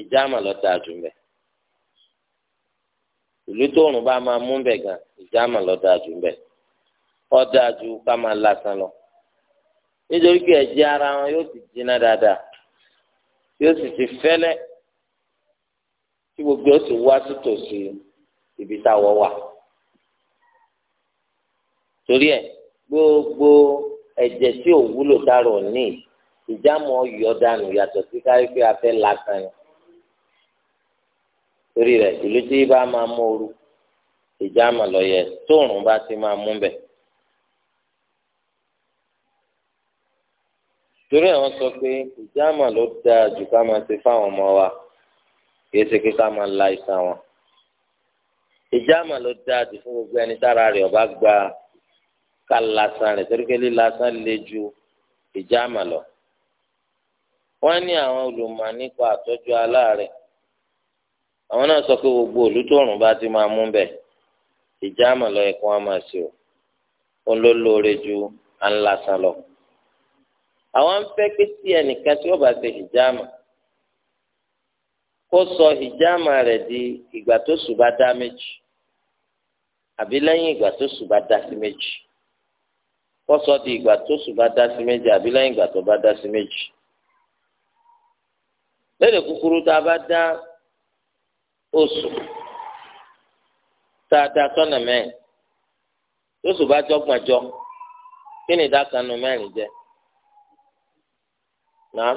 ìjà àmà lọ da jù mbẹ̀ ìlú tóòrùn bá máa mú bẹ̀ gan ìjà àmà lọ da jù mbẹ̀ ká máa lásán lọ nítorí pé ẹ̀jẹ̀ ara wọn yóò ti jiná dáadáa yóò sì ti fẹ́lẹ́ tí gbogbo yóò wá sí tòsí ibi táwọ wà torí ẹ gbogbo ẹ̀jẹ̀ tí ò wúlò dárò ní ìjàmọ ọyọ dànù yàtọ̀ sí káyọ pé a fẹ́ làkàn yẹn torí rẹ ìlú tí bá máa mú ooru ìjàmọ lọyẹ tóòrùn bá ti máa mú bẹ. torí àwọn sọ pé ìjàmọ ló dáa jù ká máa ṣe fáwọn ọmọ wa kì í ṣe kí ká máa la ìsàn wọn ìjàmà ló dáa jù fún gbogbo ẹni tára rẹ̀ ọba gba ká lásán rẹ̀ torí pé lílásán le ju ìjàmà lọ. wọ́n ní àwọn olùmọ̀ nípa àtọ́jú aláàárẹ̀ àwọn náà sọ pé gbogbo òlú bá ti máa mú bẹ̀ ìjàmà lọ ẹ̀kọ́ á máa ṣe o ó ló lóore ju à ń lásán lọ. àwọn ń fẹ́ pé tí ẹnìkan tí ó bá ṣe ìjàmà kó sọ ìjàmà rẹ̀ di ìgbà tó sùn bá dá méjì àbí lẹ́yìn ìgbà tó sùn bá dá sí méjì kọ́sọ́ di ìgbà tó sùn bá dá sí méjì àbí lẹ́yìn ìgbà tó bá dá sí méjì. lédè kúkúrú tá a bá dá oṣù tá a dá sọ́nà mẹ́rin tó sùn bá jọ́gbọ̀njọ́ kí ni ìdákanu mẹ́rin jẹ́ náà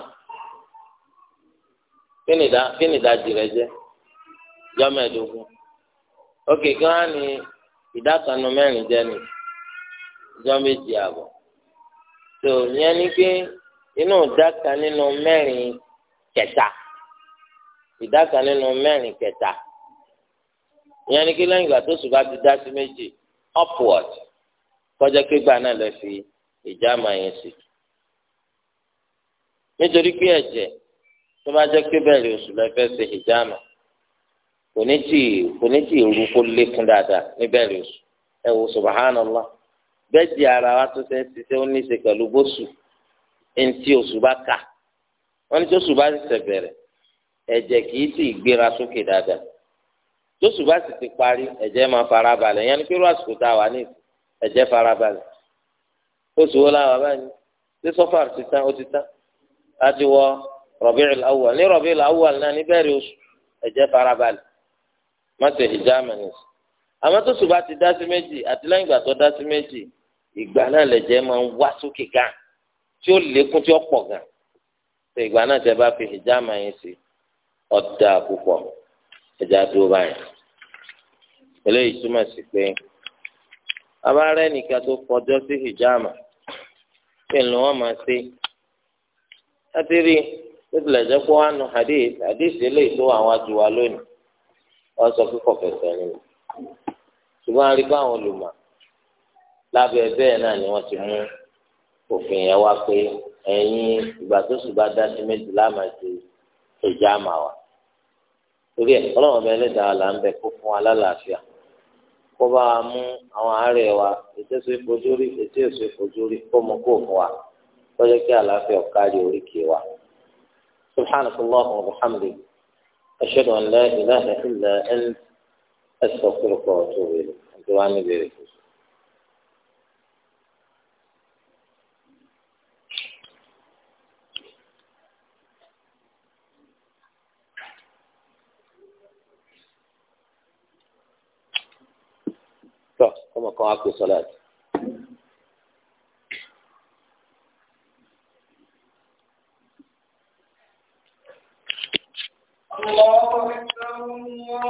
kí ni ìdájì rẹ jẹ́ jọ́mẹ̀ẹ́dógún. ok gan ni. ìdákanu mẹ́rin jẹ́ ni ìjọ méjì àbọ̀ tó yẹn ni pé inú ìdáka nínú mẹ́rin kẹta ìdáka nínú mẹ́rin kẹta yẹn ni pé lẹ́yìn ìgbà tó sùn bá ti dá sí méjì upward kọjá kégbà náà lè fi ìjàmà yẹn sí nítorí pé tó bá oṣù ṣe ìjàmà. kò ní tì kò ní tì ru kó lékún dáadáa níbẹ̀rẹ̀ oṣù ẹ wo subhanallah bẹ́ẹ̀ di ara wa tó fẹ́ ṣiṣẹ́ ó ní í ṣe pẹ̀lú bóṣù eŋti oṣù bá kà wọ́n ní tí oṣù bá ṣẹ̀ṣẹ̀ bẹ̀rẹ̀ ẹ̀jẹ̀ kìí sì gbéra sókè dáadáa tí oṣù bá sì ti parí ẹ̀jẹ̀ máa farabalẹ̀ yẹn ni pé irú àsìkò tá wà ní ẹ̀jẹ̀ farabalẹ̀ oṣù wo la wà báyìí ṣé sọ́fà ti tán ó ti tán láti wọ Rabi'ul Awwal ní Rabi'ul Awwal náà níbẹ̀rẹ̀ oṣù ẹ̀jẹ̀ farabalẹ̀ má ṣe hijamani tó ṣùgbọ́n ti dá sí méjì àti lẹ́yìn ìgbà tó dá sí méjì ìgbà náà lẹ̀jẹ̀ máa ń wá sókè gan tí ó lékún tí ó pọ̀ gan tó ìgbà náà tẹ bá fi hijamani ọ̀dà púpọ̀ ẹja tó báyìí eléyìí túmọ̀ sí pé nìkan tó fọjọ́ sí hijama pé ńlọ máa ṣe láti rí wọ́n sọ fún kọ̀fẹ̀sẹ̀ ni ṣùgbọ́n a rí bá àwọn olùmọ̀ lábẹ́ bẹ́ẹ̀ náà ni wọ́n ti mú òfin yẹn wá pé ẹ̀yin ìgbà tó sì bá dá láàmà àmà wa torí ẹ̀ ọlọ́run ọba ẹlẹ́dàá là ń bẹ kó fún alálàáfíà kó bá wa mú àwọn àárẹ̀ wa ètò أشهد أن لا إله إلا أنت أستغفرك وأتوب إليك أنت وعني بيرك كما قاعدت صلاتي الله أكبر الله